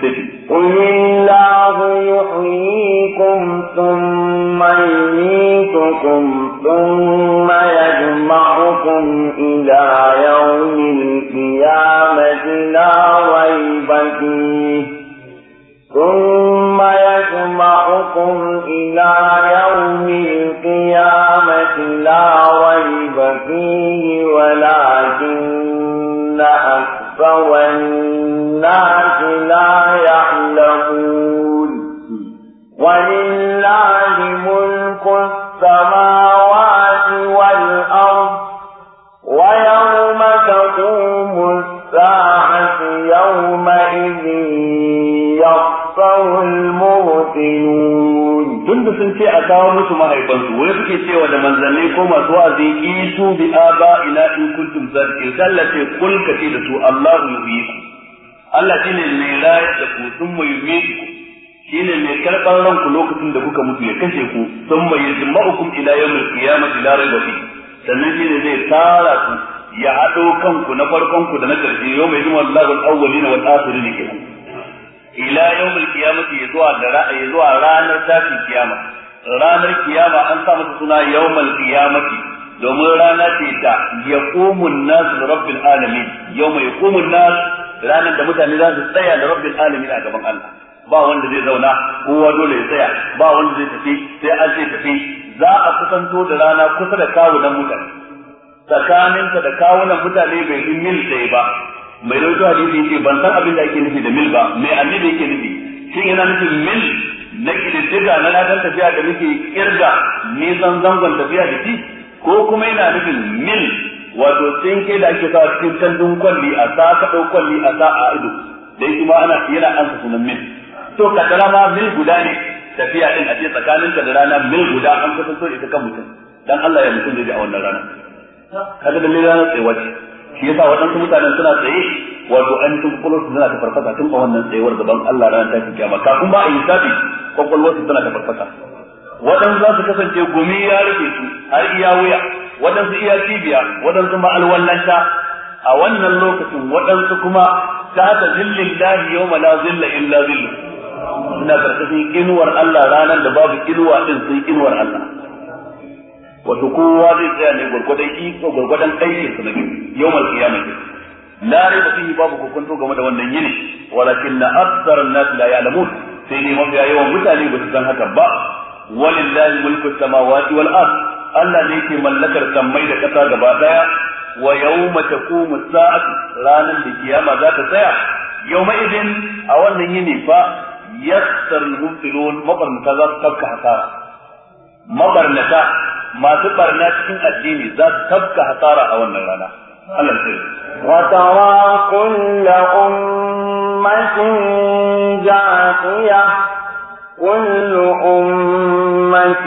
sai ki qulillahu yuhyikum thumma yumitukum thumma yajma'ukum ila yawmil qiyamati la rayba fihi ثم يجمعكم إلى يوم القيامة لا ريب فيه ولكن أكثر الناس لا يعلمون ولله ملك السماوات والأرض ويوم تقوم الساعة يومئذ yaqul mu'minun tun da sun ce a kawo musu mahaifansu wai suke cewa da manzanni ko masu wa'azi isu bi aba ina in kuntum sadiqin sallah ce kul kace da su Allahu yuhyiku Allah shine mai rayar da ku sun mai yuhyiku shine mai karɓar ranku lokacin da kuka mutu ya kashe ku sun mai yajma'ukum ila yawmil qiyamati la rayba fi sannan shine zai tara ku ya haɗo kanku na farkonku da na ƙarshe yau mai zuma Allahul awwalina wal akhirin kenan ila yawmil qiyamati zuwa da zuwa ranar tashin kiyama ranar kiyama an sa masa suna yawmil qiyamati domin rana ce ta yaqumun nas da rabbil alamin yawma yaqumun nas ranar da mutane za su tsaya da rabbil alamin a gaban Allah ba wanda zai zauna kowa dole ya tsaya ba wanda zai tafi sai an zai tafi za a kusanto da rana kusa da kawunan mutane tsakaninka da kawunan mutane bai yi mil ɗaya ba mai rawaito hadisi yake ban san abin da ake nufi da mil ba mai annabi yake nufi shin yana nufin mil na kididdiga na ladan tafiya da muke kirga nisan zangon tafiya da shi ko kuma yana nufin mil wato tsinke da ake sa cikin tandun kwalli a sa ka dau kwalli a sa a ido dai kuma ana yana ansa sunan mil to kadara ma mil guda ne tafiya din a ce tsakanin ka da rana mil guda an kusanto ita kan mutum dan Allah ya mutum da a wannan rana kada da rana tsewa shi yasa waɗansu mutanen suna tsaye wato an tun suna ta farfasa tun a wannan tsayuwar gaban Allah ranar tashin kiyama kafin ba a yi sabi kwakwalwarsu suna ta farfasa waɗansu za su kasance gumi ya rufe su har iya wuya waɗansu iya cibiya waɗansu ma alwallanta a wannan lokacin waɗansu kuma ta hata zillin lahi yau la zilla illa zillu suna karkashin inuwar Allah ranar da babu inuwa ɗin sai inuwar Allah wato kowa zai tsaya ne gurgurdan iko gwargwadon aikin sa na yawmal qiyamah la raiba fihi babu kokonto game da wannan yini walakin na aktsara an-nas la ya'lamun sai ne mafiya yawan mutane ba su san haka ba walillahi mulku samawati wal ard Allah ne yake mallakar sammai da kasa gaba daya wa yawma taqumu saatu ranan da kiyama za ta tsaya yawma idin a wannan yini fa yakhsar al-mubtilun za su kafka hasara mabarnata masu barna cikin addini za su tabka hasara a wannan rana Allah ya وترى كل أمة جاثية كل أمة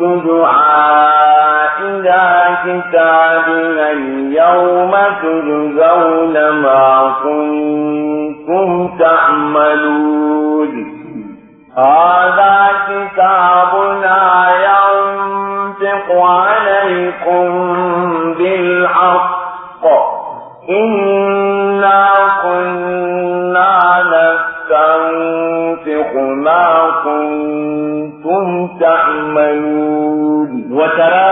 تدعى إلى كتابنا اليوم تجزون ما كنتم تعملون هذا كتاب عليكم بالحق إنا كنا نستنفق ما كنتم تعملون وترى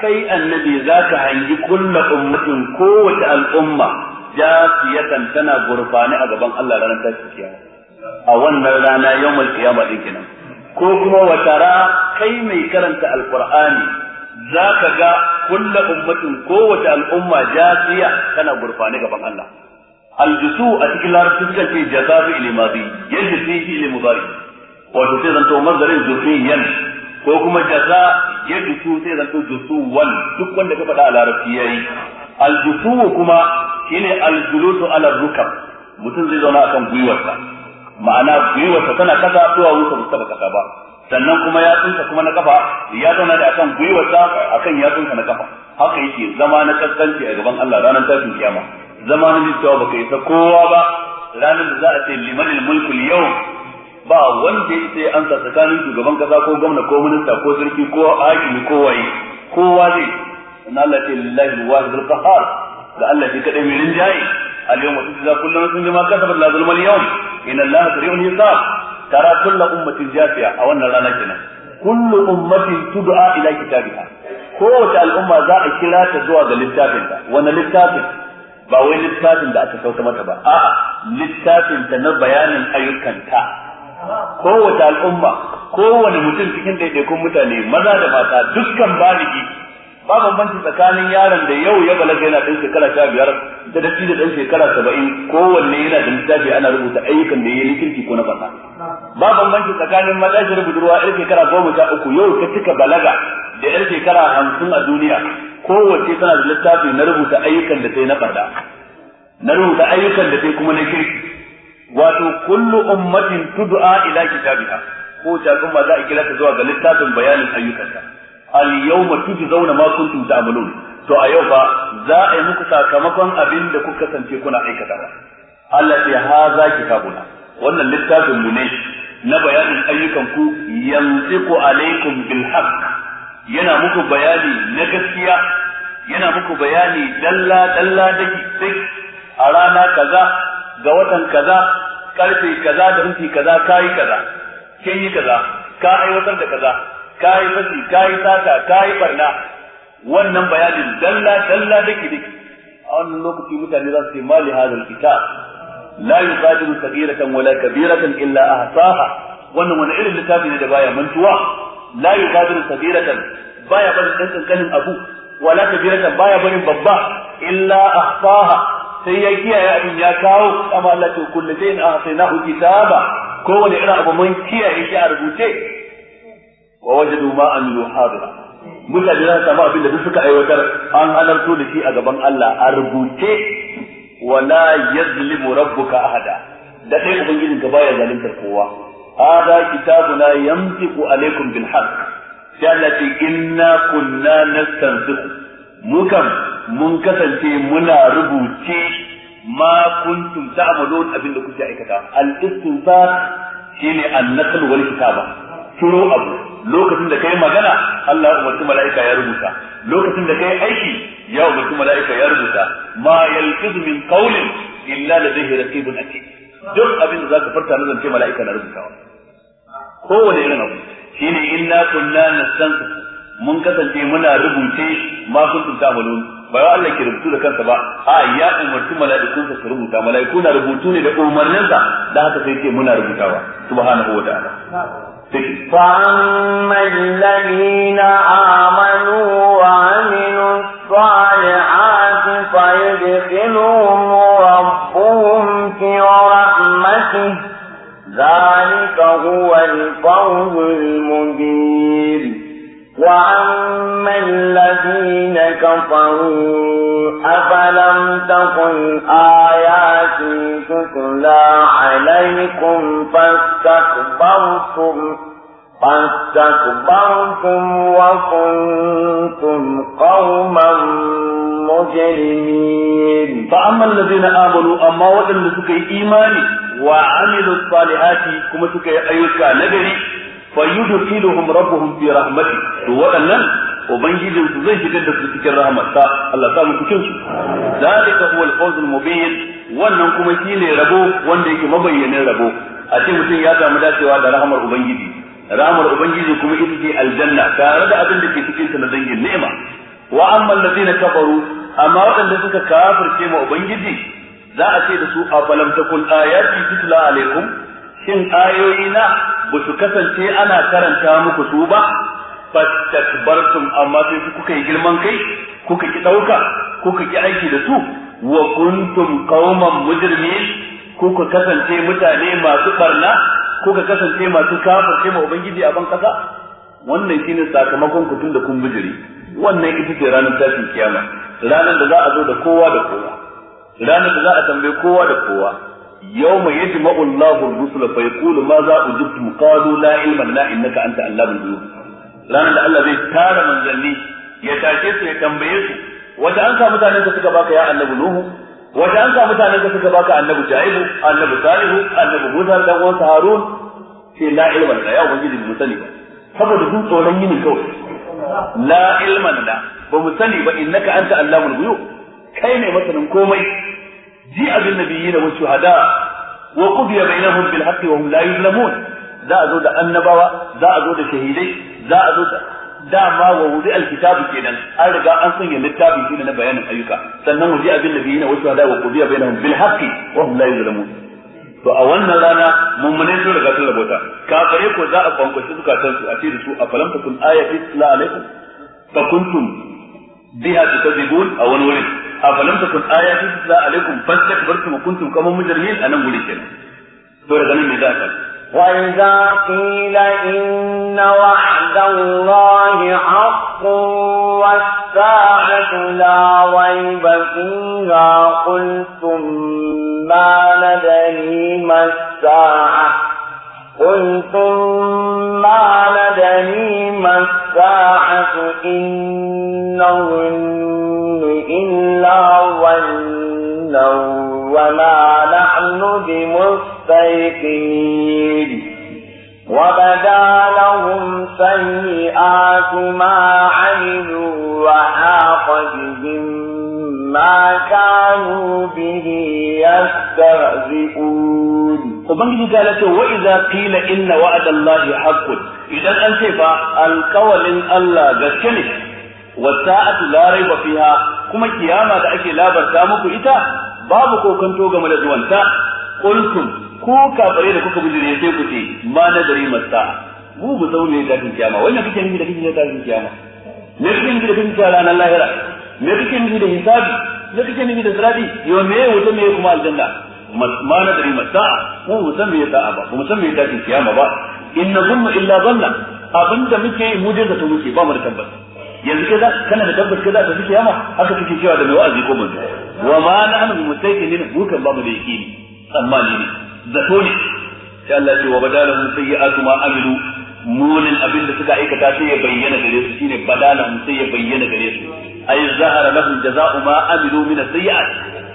كي الذي ذاك عند كل أمة قوة الأمة جاسية تنا غرفانة أجبان الله لنا تشكيها أولا لنا يوم القيامة دي كنا ko kuma watara kai mai karanta alkur'ani za ka ga kulla ummatin kowace al'umma jasiya tana gurfani gaban Allah aljusu a cikin larabci suka ce jazabi ila madi yajzi fi ila mudari wato sai zanto mazarin zufiyan ko kuma jaza yajzu sai zanto wal duk wanda ka faɗa a larabci yayi aljusu kuma shine aljulutu ala rukab mutum zai zauna akan gwiwarsa ma'ana gwiwarsa tana kasa zuwa wuce mustafa kasa ba sannan kuma yatsunsa kuma na kafa ya zauna da akan gwiwarsa akan yatsunsa na kafa haka yake zama na kaskanci a gaban Allah ranar tashin kiyama zama na ba baka isa kowa ba ranar da za a ce limanil mulkul yau ba wanda ya ce an sa tsakanin shugaban kasa ko gwamna ko minista ko sarki ko hakimi ko waye kowa ne na Allah ce lillahi alwahidul ga Allah shi kadai mai rinjaye al yawma tujza kullu nafsin bima kasabat la zulma yawm inna Allah sari'ul hisab tara kullu ummatin jafiya a wannan rana kenan kullu ummatin tud'a ila kitabiha kowace al'umma za a kira ta zuwa ga littafinta wani littafin ba wai littafin da aka sauka mata ba a'a littafin na bayanin ayyukanta kowace al'umma kowane mutum cikin ɗaiɗaikun mutane maza da mata dukkan baligi ba bambanci tsakanin yaron da yau ya balaga yana ɗan shekara sha biyar da dafi da ɗan shekara saba'in kowanne yana da littafi ana rubuta ayyukan da ya yi kirki ko na fasa ba bambanci tsakanin matashiyar budurwa yar shekara goma sha uku yau ta cika balaga da yar shekara hamsin a duniya kowace tana da littafi na rubuta ayyukan da ta yi na fasa na rubuta ayyukan da ta yi kuma na kirki wato kullu ummatin tud'a ila kitabiha ko ta kuma za a kira ta zuwa ga littafin bayanin ayyukanta al yawma tujzauna ma kuntum ta'malun to a yau fa za a yi muku sakamakon abin da kuka kasance kuna aikatawa Allah ya haza kitabuna wannan littafin mu ne na bayanin ayyukan ku yanziku alaikum bil haqq yana muku bayani na gaskiya yana muku bayani dalla dalla dake sai a rana kaza ga watan kaza karfe kaza da rufi kaza kai kaza kin yi kaza ka aiwatar da kaza ka yi fasi ka yi sata ka yi barna wannan bayanin dalla dalla dake dake a wannan lokaci mutane za su ce mali hadal kitab la yubadiru saghiratan wala kabiratan illa ahsaha wannan wani irin littafi ne da baya mantuwa la yubadiru saghiratan baya barin dan kankanin abu wala kabiratan baya barin babba illa ahsaha sai ya kiyaye abin ya kawo amma Allah ta kullu shay'in ahsaynahu kitaba kowane irin abu mun kiyaye shi a rubuce wa wajadu ma amilu hadira mutane za su samu abin da duk suka aiwatar an halarto da shi a gaban Allah a rubuce wala yazlimu rabbuka ahada da kai ubangijin ka baya zaluntar kowa hada kitabuna yamtiku alaikum bil haqq sai Allah ce inna kunna Mu mukan mun kasance muna rubuce ma kuntum ta'malun abin da kuke aikata al istinsa shine an nakal wal kitaba turo abu lokacin da kai magana Allah ya umarci mala'ika ya rubuta lokacin da kai aiki ya umarci mala'ika ya rubuta ma yalqiz min qawlin illa ladayhi raqibun akid duk abin da zaka farta nan zance mala'ika na rubutawa kowane irin abu shine inna kunna nastansu mun kasance muna rubuce ma tunta ta'malun ba wai Allah ke rubutu da kansa ba a ya umarci mala'ikunsa su rubuta mala'iku na rubutu ne da umarninsa da haka sai ce muna rubutawa subhanahu wa ta'ala فأما الذين آمنوا وعملوا الصالحات فيدخلهم ربهم في رحمته ذلك هو الفوز المبين وأما الذين كفروا أفلم تكن آياتي تتلى عليكم فاستكبرتم فاستكبرتم وكنتم قوما مجرمين فأما الذين آمنوا أما وإن سكي إيماني وعملوا الصالحات كما سكي أيوكا نجري fa yudkhiluhum rabbuhum fi rahmati to waɗannan ubangijin su zai shigar da su cikin rahmatsa Allah ta mu cikin su zalika huwal fawzul mubin wannan kuma shine rabo wanda yake mabayyanin rabo a ce mutum ya samu dacewa da rahmar ubangiji rahmar ubangiji kuma ita ce aljanna tare da abin da ke cikin na dangin ni'ima wa amma na kafaru amma waɗanda suka kafirce ma ubangiji za a ce da su a falam takun ayati tutla alaikum shin ayoyi na ba su kasance ana karanta muku su ba fastakbartum amma sai kuka yi girman kai kuka ki dauka kuka ki aiki da su wa kuntum qauman mujrimin kuka kasance mutane masu barna kuka kasance masu kai ma ubangiji a ban kasa wannan shine sakamakon ku tun da kun bijiri wannan ita ce ranar tashin kiyama ranar da za a zo da kowa da kowa ranar da za a tambaye kowa da kowa yawma yajma'u Allahu ar-rusula fa yaqulu ma za ujibtum qalu la ilma lana innaka anta allamul ghuyub ranar da Allah zai tara manzanni ya tace su ya tambaye su wata an sa mutanen ka suka baka ya annabi nuhu wata an sa mutanen ka suka baka annabi shaibu annabi salihu annabi musa dan wasu harun sai la ilma lana ya ubangiji mu sani ba saboda sun tsoron yini kawai la ilma lana ba mu sani ba innaka anta allamul ghuyub kai ne masanin komai ji'a bin nabiyina wa shuhada wa qudiya bainahum bil haqqi wa hum la za a zo da annabawa za a zo da shahidai za a zo da dama wa wuri alkitabu kenan an riga an sanya littafin shi na bayanin ayyuka sannan waje abin wa to a wannan rana mummunai sun riga sun rabota kafare ko za a kwankwashi zukatan su a ce da su a falam takun ayati la alaikum fa biha tukadzibun a wani wurin afalam takun ayatu tutla alaikum fastakbartum wa kuntum qawman mujrimin anan guri kenan to daga nan ne za ka وإذا قيل إن وعد الله حق والساعة لا ريب فيها قلتم ما ندري ما الساعة قلتم ما لدني ما الساعة إن نظن إلا ظنا وما نحن بمستيقنين وبدا لهم سيئات ما عملوا وحاق بهم ما كانوا به يستهزئون وبنجي قالت وإذا قيل إن وعد الله حق إذا أنت القول إن الله قد والساعة لا ريب فيها كما كياما تأكي لا برسامك إتا بابك كنتو قم لدوانتا قلتم كوكا فريد كوكا بجري سيكتي ما ندري ما الساعة مو بسوني ذاك الكيامة وإن كتن من ذاك الكيامة لكن ذاك الكيامة لا نلاهرة me kake nufi da hisabi me kake nufi da sirati yau me wuta me kuma aljanna mana da dari sa'a. ko mu san me sa'a ba mu san me tashin kiyama ba in na zunnu illa zanna abinda muke mu da zato muke ba mu da tabbas yanzu kaza kana da tabbas kaza ta kiyama haka kake cewa da mai wa'azi ko mun wa ma na an mustaqinin mu kan ba mu da ni, tsammani ne zato ne sai Allah ya ce wa badalahum sayyi'atu ma amilu munin abin da suka aikata sai ya bayyana gare su shine badalahum sai ya bayyana gare su ay zahara lahum jazaa'u ma amilu min as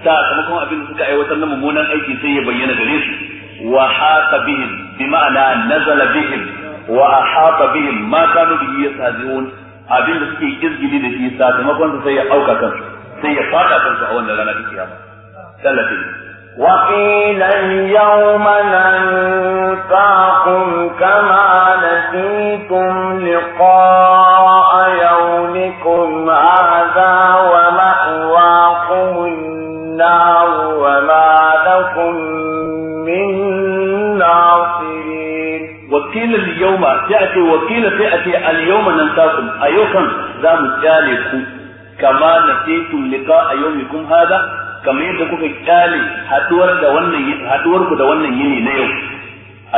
Ta sakamakon abin da suka aiwatar na mummunan aiki sai ya bayyana gare su wa haqa bihim bima'ana nazala bihim wa ahata bihim ma kanu bihi yastahzi'un abin da suke izgili da shi sakamakon sai ya auka kansu sai ya fada kansu a wannan rana ta kiyama sallallahu وقيل اليوم ننساكم كما نسيتم لقاء يومكم هذا ومأواكم النار وما لكم من ناصرين وقيل اليوم تأتي وقيل تأتي اليوم ننساكم أيوكم ذا مجالكم كما نسيتم لقاء يومكم هذا kamar yadda kuka kyale haduwar da wannan haduwar ku da wannan yini na yau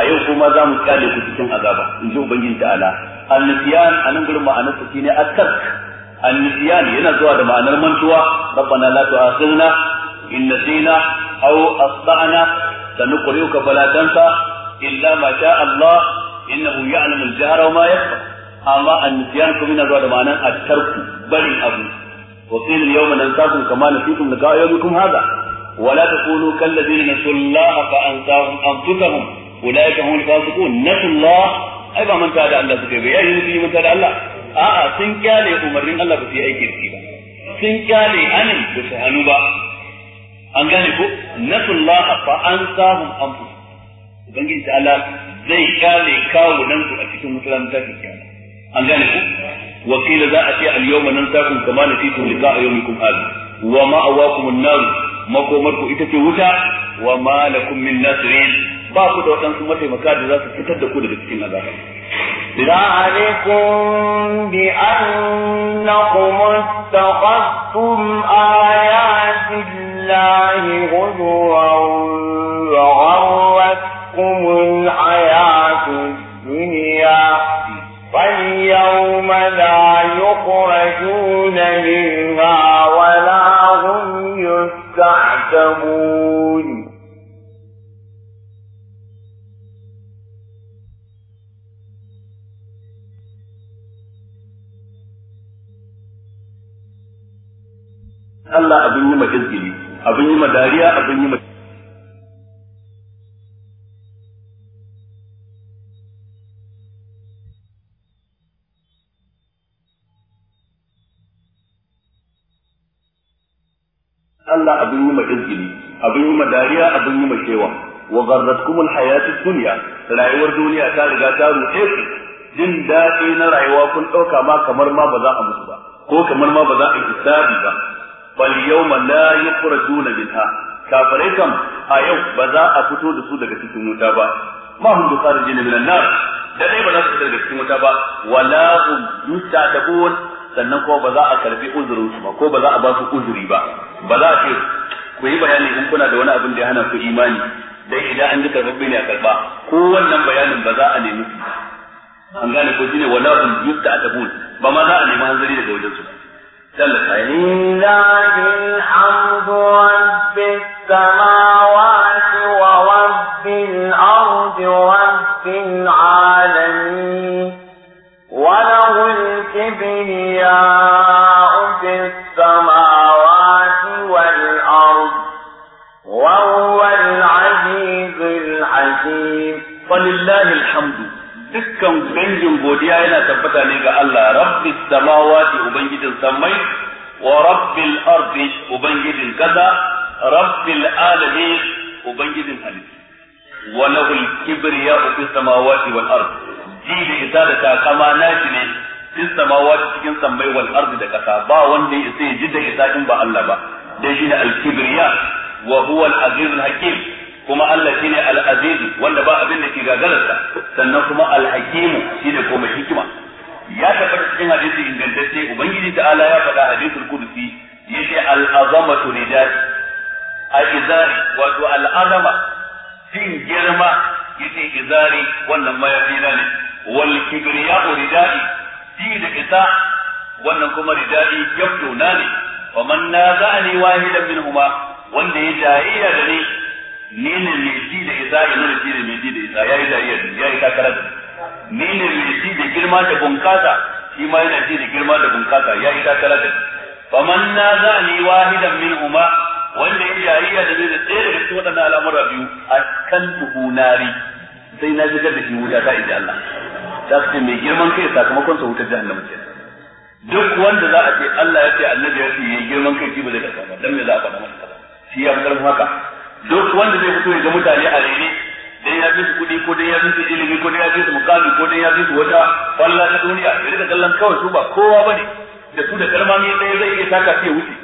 a yau kuma za mu kyale ku cikin azaba in ji ubangiji ta'ala an-nisyan anan gurin ma'anar ta shine at-tark an-nisyan yana zuwa da ma'anar mantuwa rabbana la tu'akhidna in nasina aw akhtana sanuqri'uka fala tansa illa ma sha'a Allah innahu ya'lamu al-jahra wa ma yakhfa amma an-nisyan kuma yana zuwa da ma'anar at ku barin abu وقيل اليوم ننساكم كما نسيتم لقاء يومكم هذا ولا تكونوا كالذين نسوا الله فأنساهم أنفسهم أولئك هم الفاسقون نسوا الله أي من تادى الله سكيبه يا يهودي من تادى الله a'a sun kyale umarnin Allah ba su yi aiki da ba sun kyale anin ba su hannu ba an gane ko nasullah fa an sahum anfus ubangiji ta Allah zai kyale kawunan su a cikin an gane وقيل ذا أتي اليوم ننساكم كما نسيتم لقاء يومكم هذا ومأواكم النار makomarku ita ce wuta wa ma lakum min nasirin ba ku da waɗansu mataimaka da za su fitar da ku daga cikin azaba ذلكم بأنكم اتخذتم آيات الله غدوا وغرتكم Allah abin yi ma izgili abin yi ma dariya abin yi ma Allah abin yi ma izgili abin yi ma dariya abin yi ma shewa wa garratkum Hayati dunya rayuwar duniya ta riga ta ruɗe ku jin daɗi na rayuwa kun ɗauka ma kamar ma ba za a mutu ba ko kamar ma ba za a yi hisabi ba bal yawma la yukhrajuna minha kafirai kam a yau ba za a fito da su daga cikin wuta ba ma hum bi kharijin minan nar da dai ba za su fito daga cikin wuta ba wala hum yustadabun sannan ko ba za a karbi uzurin su ba ko ba za a ba su uzuri ba ba za a ce ku yi bayani in kuna da wani abin da ya hana ku imani dai idan an ji karbabbe ne a karba ko wannan bayanin ba za a nemi an gane ko shine wala hum yustadabun ba ma za a nemi hanzari daga wajen su ba فلله الحمد السماوات الأرض العالمين وله الكبرياء في السماوات والأرض وهو العزيز الحكيم الحمد dukkan dangin godiya yana tabbata ne ga Allah rabbis samawati ubangijin samai wa rabbil ardi ubangijin kaza rabbil alamin ubangijin halittu wa lahul kibriya fi samawati wal ardi ji da ita da takama nashi ne fi samawati cikin samai wal ardi da kasa ba wanda ya sai ji da ita in ba Allah ba dai shi ne al kibriya wa huwa al aziz al hakim kuma Allah shine al-aziz wanda ba abin da ke gagararsa sannan kuma al-hakimu shine kuma hikima ya tabbata cikin hadisi ingantacce ubangiji ta'ala ya faɗa hadisul qudsi yace al-azamatu rijal al-izari wato al-azama shin girma yace izari wannan mayafi na ne wal kibriya ridai shi da isa wannan kuma ridai yabdo na ne wa man naza'ani wahidan minhuma wanda ya jayayya da ni ni ne mai ji da isa da nuna ji da mai ji da isa ya yi iya ya yi takara da ni ne mai ji da girma da bunƙasa, shi ma yana ji da girma da bunƙasa. ya yi takara da faman na za ni wahidan min huma wanda ya jariya da tsere da ɗaya daga cikin waɗannan al'amura biyu a kan tuhu nari sai na shigar da shi wuta ta inji Allah ta ce mai girman kai sakamakon sa wutar jihar ce duk wanda za a ce Allah ya ce annabi ya ce ya girman kai shi ba zai karɓa ba dan me za a faɗa masa shi ya fi haka duk wanda zai fito ga mutane a rene dan ya bisu kudi ko dan ya bisu ilimi ko dan ya bisu mukami ko dan ya bisu wata falla ta duniya ya rika kallon kawai su ba kowa bane da su da karmami ɗaya zai iya taka ya wuce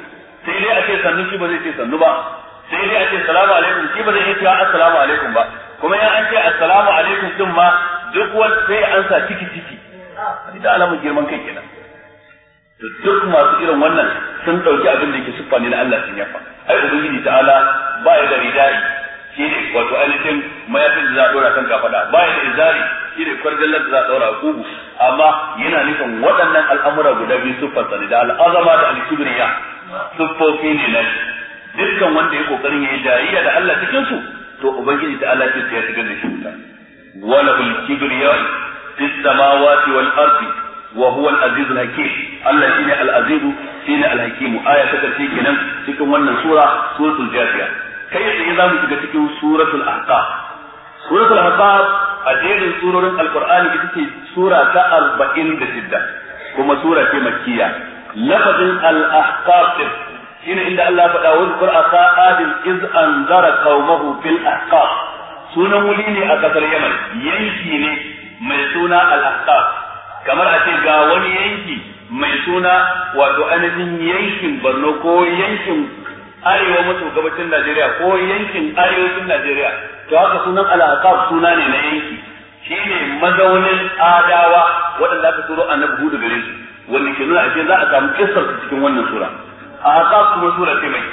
sai dai a ce sannu shi ba zai ce sannu ba sai dai a ce salamu alaikum shi ba zai iya cewa assalamu alaikum ba kuma ya an ce assalamu alaikum din ma duk wanda sai an sa ciki ciki da alamun girman kai kenan duk masu irin wannan sun dauki abin da yake siffa ne na Allah sun yafa ai ubangiji ta'ala ba ya da ridai shi ne wato ainihin mayafin da za a dora kan kafada ba ya da izari shi ne kwarjallar da za a dora a kugu amma yana nufin waɗannan al'amura guda biyu siffarsa ne da al'azama da al'kibriya siffofi ne na dukkan wanda ya kokarin yayi dariya da Allah cikin su to ubangiji ta'ala Allah ce ya shigar da shi wuta wala bil kibriya fis samawati wal ardi wa huwa al-azizul hakim Allah shine al-azizu shine al-hakimu aya ta karshe kenan cikin wannan sura suratul jafiya kai tsaye zamu shiga cikin suratul ahqaf suratul ahqaf a jerin surorin alqur'ani ita ce sura ta 46 kuma sura ce makkiya lafazin al-ahqaf shine inda Allah ya faɗa wa qur'a sa'adin iz anzara fil sunan wuri ne a kasar Yaman yanki ne mai suna al kamar a ce ga wani yanki mai suna wato ainihin yankin Borno ko yankin arewa maso gabacin Najeriya ko yankin arewacin Najeriya to haka sunan al suna ne na yanki shi ne mazaunin adawa waɗanda aka turo annabi Hudu gare su wanda ke nuna a za a samu kisar cikin wannan sura al kuma sura ce mai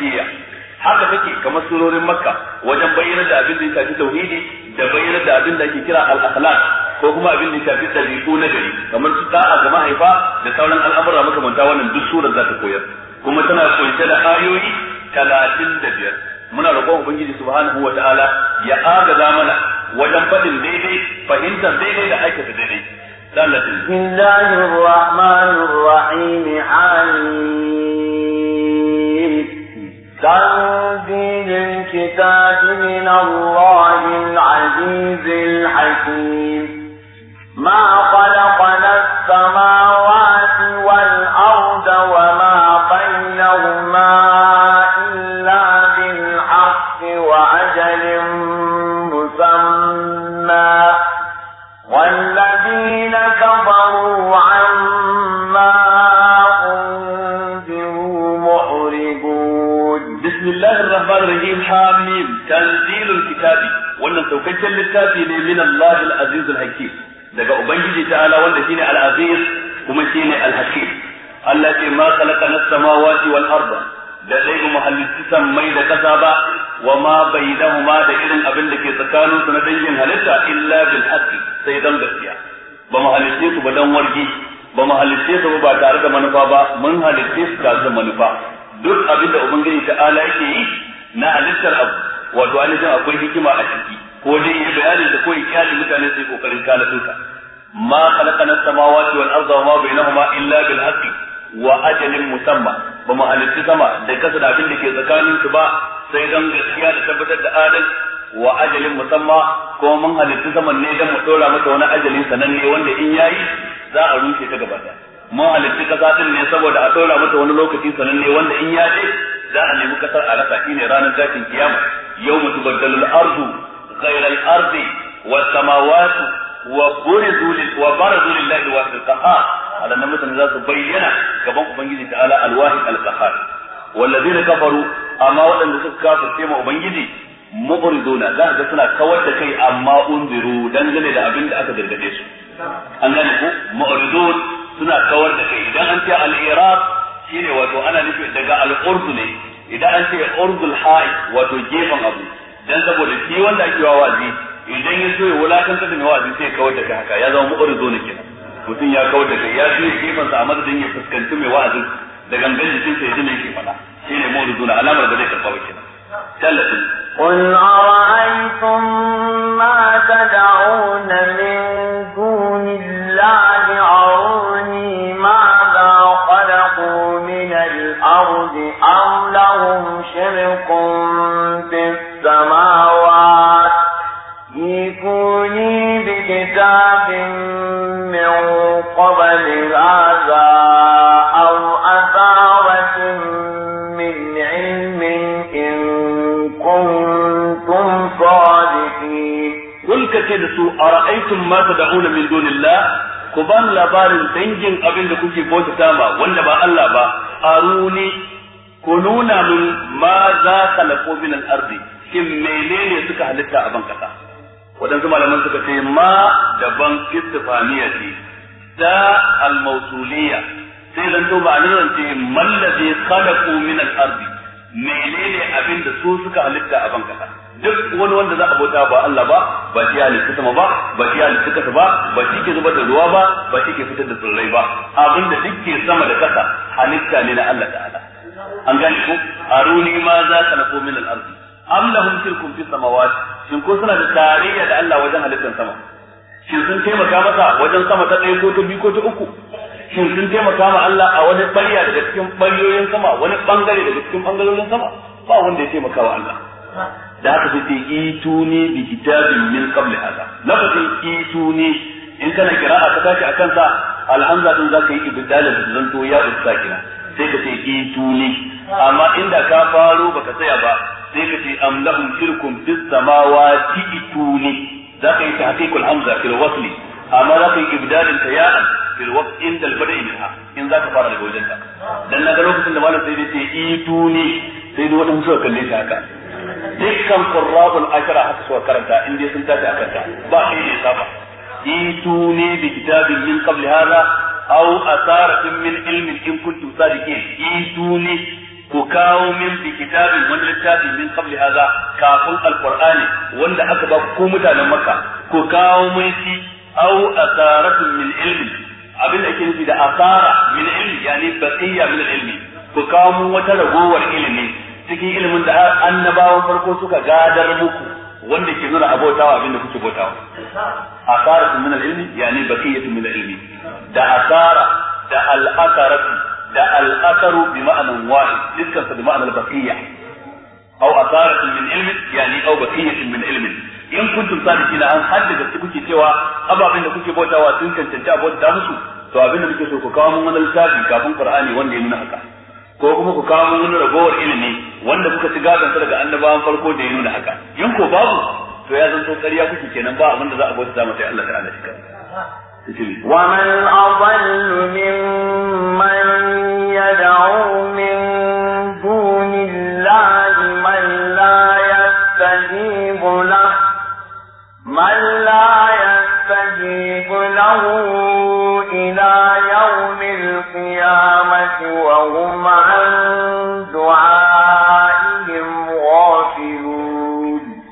haka take kamar surorin makka wajen bayyana da abin da ya shafi tauhidi da bayyana da abin da ake kira al-akhlaq ko kuma abin da ya shafi dabi'u na gari kamar su ga mahaifa da sauran al'amura makamanta wannan duk surar za ta koyar kuma tana koyar da ayoyi talatin da biyar muna roƙon ubangiji subhanahu wa ta'ala ya agaza mana wajen faɗin daidai fahimtar daidai da aikata daidai بسم الله الرحمن الرحيم تنزيل الكتاب من الله العزيز الحكيم ما خلقنا السماوات saukakken littafi ne min Allah al-Aziz al-Hakim daga ubangiji ta'ala wanda shine al-Aziz kuma shine al-Hakim Allah ce ma khalaqa samawati wal arda da dai mu halitta mai da kasa ba wa ma bainahuma da irin abin da ke tsakanin su na dangin halitta illa bil haqqi sai dan gaskiya ba mu halitta su ba dan wargi ba mu halitta su ba tare da manufa ba mun halitta su tare da manufa duk abin da ubangiji ta'ala yake yi na halittar abu wato ainihin akwai hikima a ciki ko dai bayani bayanin da ko yi mutane su yi kokarin kala tuta ma khalaqana samawati wal arda wa ma bainahuma illa bil haqqi wa ajalin musamma ba mu halitta sama da kasa da abin da ke tsakanin su ba sai dan gaskiya da tabbatar da adal wa ajalin musamma ko mun halitta sama ne dan mu dora mata wani ajalin sananne wanda in yayi za a rushe ta gaba daya mun halitta kasa din ne saboda a dora mata wani lokaci sananne wanda in yaje za a nemi kasar a rasa ne ranar tashin kiyama yau mu tubaddalu ardu غير الأرض والسماوات وبرزوا وبرزوا لله الواحد القهار على أن مثلا ذات بينا كما أبنجي تعالى الواحد القهار والذين كفروا أما وأن ذات كافر سيما أبنجي مبرزون ذات سنة كوات كي أما أنذروا دنجل إلى أبن أكدر قديس أنه مؤرزون سنة كوات كي إذا أنت الإيراد shine wato ana nufi daga al'urdu ne idan an ce urdul ha'i wato gefen abu dan saboda shi wanda ake wa wazi idan ya so ya wulakanta da mai wazi sai ya kawar da kai haka ya zama zo ne kenan mutum ya kawar da kai ya so ya sa a madadin ya fuskanci mai wa'azin da gangan jikin sa ya ji fada shi ne shine zo na alamar da zai karɓa ba kenan tallafi قل أرأيتم ما تدعون من ce da su ara'aytum ma tad'una min dunillah ku ban labarin dangin abin da kuke bauta ma wanda ba Allah ba aruni ku nuna min ma za khalaqu min al-ardi shin menene suka halitta a ban kasa malaman suka ce ma daban istifaniya ce ta al sai zan to ma'anar ce mallazi khalaqu min al menene abin da su suka halitta a ban kasa duk wani wanda za a bauta ba Allah ba ba shi halitta sama ba ba shi halitta kasa ba ba shi ke zubar da ruwa ba ba shi ke fitar da tsirrai ba abin duk ke sama da kasa halitta ne na Allah ta'ala an gane ko aruni ma za ka nako min al-ardi am lahum shirkun fi samawati shin ko suna da tarayya da Allah wajen halittar sama shin sun taimaka masa wajen sama ta ɗaya ko ta biyu ko ta uku shin sun taimaka ma Allah a wani ɓarya daga cikin ɓaryoyin sama wani ɓangare daga cikin ɓangarorin sama ba wanda ya taimaka wa Allah da haka sai ce ituni bi kitabin min qabl hada lafazin ituni in kana kira'a ka tashi akan sa alhamza din zaka yi ibdala zan to ya usakina sai ka ce ituni amma inda ka faro baka tsaya ba sai ka ce am lahum shirkum fis samawati ituni zaka yi tahqiqul hamza fil wasli amma za ka yi ibdalin ta ya'an fil waqt inda al-bada'i minha in za ka fara daga wajen ta dan na ga lokacin da malam sai dai ce ituni sai dai wadansu suka kalle ta haka dukkan qurra'ul ashara haka suka karanta in dai sun tafi akan ta ba shi ne saba ituni bi kitabin min qabl hadha aw asaratin min ilmin in kuntum sadiqin ituni ku kawo min bi kitabin wani littafi min qabl hadha kafin alqur'ani wanda aka ba ku mutanen makka ku kawo mai shi aw asaratin min ilmin abin da ake da asara min ilmi yani baqiya min ilmi ku kawo mun wata ragowar ilimi cikin ilimin da annabawan farko suka gadar muku wanda ke nuna abotawa abin da kuke botawa asara min al ya yani baqiyatu min al-ilmi da asara da al-asaratu da al'asaru asaru bi ma'anan wahid dukkan su bi ma'anan baqiyya aw asaratu min ilmi yani aw baqiyatu min ilmi in kuntum sadiqina an haddada su kuke cewa ababen da kuke botawa sun cancanta abota musu to abinda da muke so ku kawo mun wani littafi kafin qur'ani wanda ya nuna haka ko kuma ku kawo wani ragowar ilimi wanda kuka ci gadon daga annabawan farko da ya nuna haka in ko babu to ya zanto ƙarya kuke kenan ba abinda za a bauta mata Allah ta'ala shi ka. ومن أضل ممن يدعو من دون الله من لا يستجيب له من لا يستجيب يستجيب له إلى يوم القيامة وهم عن دعائهم غافلون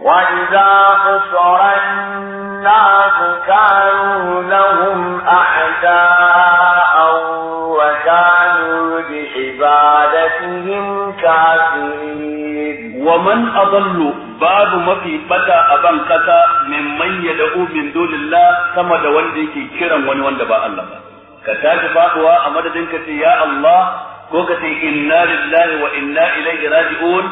وإذا حصر الناس كانوا لهم أعداء وكانوا بعبادتهم كافرين wa man babu mafi bata a ban kasa min man yad'u min dunillah sama da wanda yake kiran wani wanda ba Allah ba ka tashi faduwa a madadin ka ce ya Allah ko ka ce inna lillahi wa inna ilaihi raji'un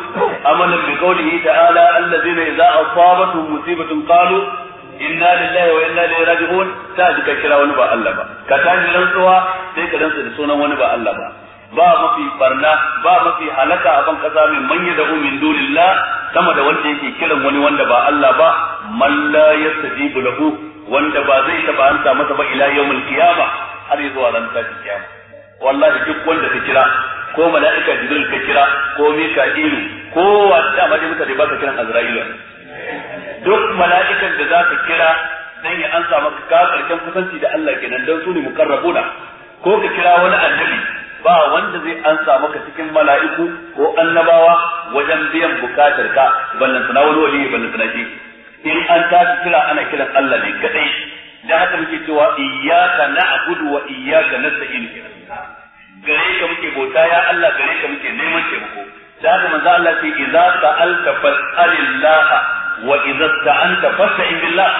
amalan bi qawlihi ta'ala allazina idza asabatuhum musibatun qalu inna lillahi wa inna ilaihi raji'un ta ji kira wani ba Allah ba ka sai ka da sunan wani ba Allah ba ba mafi barna ba mafi halaka a ban kasa mai manya da umin dunillah sama da wanda yake kiran wani wanda ba Allah ba man la yastajibu lahu wanda ba zai taba ansa masa ba ila yawmul qiyama har zuwa ran tashin kiyama wallahi duk wanda ka kira ko mala'ika jibril ka kira ko mika'ilu ko wanda ma dai mutane ba ka kiran azra'ilu duk mala'ikan da za ka kira dan ya ansa maka ka karshen kusanci da Allah kenan dan su ne mukarrabuna ko ka kira wani annabi ba wanda zai ansa maka cikin mala'iku ko annabawa wajen biyan bukatar ka ballan sana wani wali ballan sana shi in an tashi kira ana kiran Allah ne kadai da haka muke cewa iyyaka na'budu wa iyyaka nasta'in gare ka muke bauta ya Allah gare ka muke neman taimako da haka manzo Allah sai idza sa'alta fas'alillah wa idza sta'anta fasta'in billah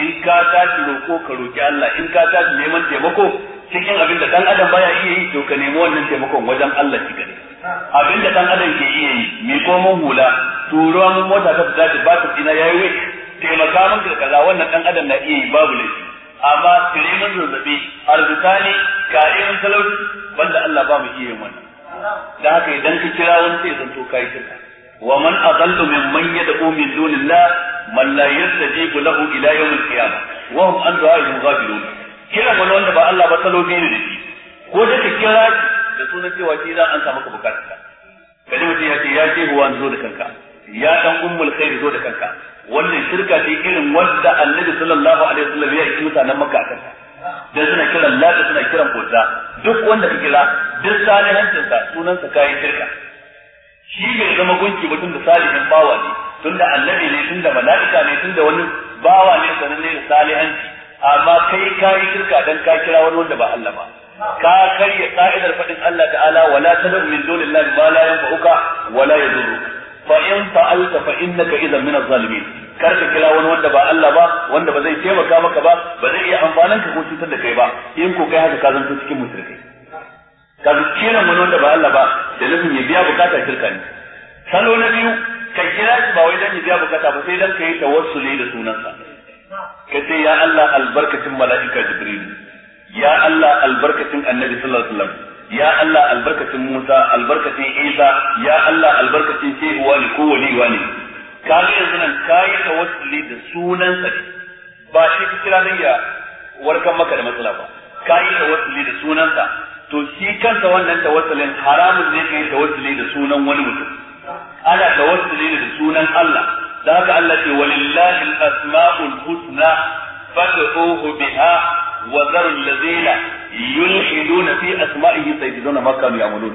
in ka tashi roko ka roki Allah in ka tashi neman taimako cikin abin da dan adam baya iya yi to ka nemi wannan taimakon wajen Allah ki gani abin da dan adam ke iya yi mi ko mun hula turo mun mota ta tashi ba ta tsina yayi wai taimaka mun da kaza wannan dan adam na iya yi babu laifi amma kare mun zazzabi arzikani kare mun talauci banda Allah ba mu iya yin wannan da haka idan ka kira wani sai to kai min ومن أضل ممن يدعو من دون الله من لا يستجيب له إلى يوم القيامة وهم عن دعائهم غافلون kiran wani wanda ba Allah ba salo ne dake ko da ka kira da sunan cewa shi za an samu ka bukatarka kaje mutum ya ce ya ce huwa zo da kanka ya dan ummul khair zo da kanka wannan shirka ce irin wanda annabi sallallahu alaihi wasallam ya yi mutanen makka a kanka dan suna kiran da suna kiran kota duk wanda ka kira duk salihancin sa sunan sa kai shirka shi ne zama gunki mutum da salihin bawa ne tunda annabi ne tunda da mala'ika ne tunda da wani bawa ne sanan ne da salihanci amma kai ka yi shirka dan ka kira wani wanda ba Allah ba ka karya ka'idar faɗin Allah ta'ala wala tad'u min dunillahi ma la yanfa'uka wala yadurruka fa in fa'alta fa innaka idan min az-zalimin kar ka kira wani wanda ba Allah ba wanda ba zai taimaka maka ba ba zai iya amfanin ka ko cutar da kai ba in ko kai haka ka zanto cikin musulmai ka kira wani wanda ba Allah ba da nufin ya biya bukata shirka ne salo na biyu ka kira shi ba wai dan ya biya bukata ba sai dan kai tawassuli da sunansa ka ce ya Allah albarkacin mala'ika Jibril ya Allah albarkacin Annabi sallallahu alaihi wasallam ya Allah albarkacin Musa albarkacin Isa ya Allah albarkacin Shehu wani ko wani wani ka ga yanzu nan kai tawassuli da sunan sa ba shi kira nan ya warkan maka da matsala ba kai tawassuli da sunan sa to shi kansa wannan tawassulin haramun ne kai tawassuli da sunan wani mutum ana tawassuli da sunan Allah da haka Allah ce walillahi al-asma'ul husna fad'uhu biha wa zaru allazina yulhiduna fi asma'ihi sayyiduna Makka, kanu ya'malun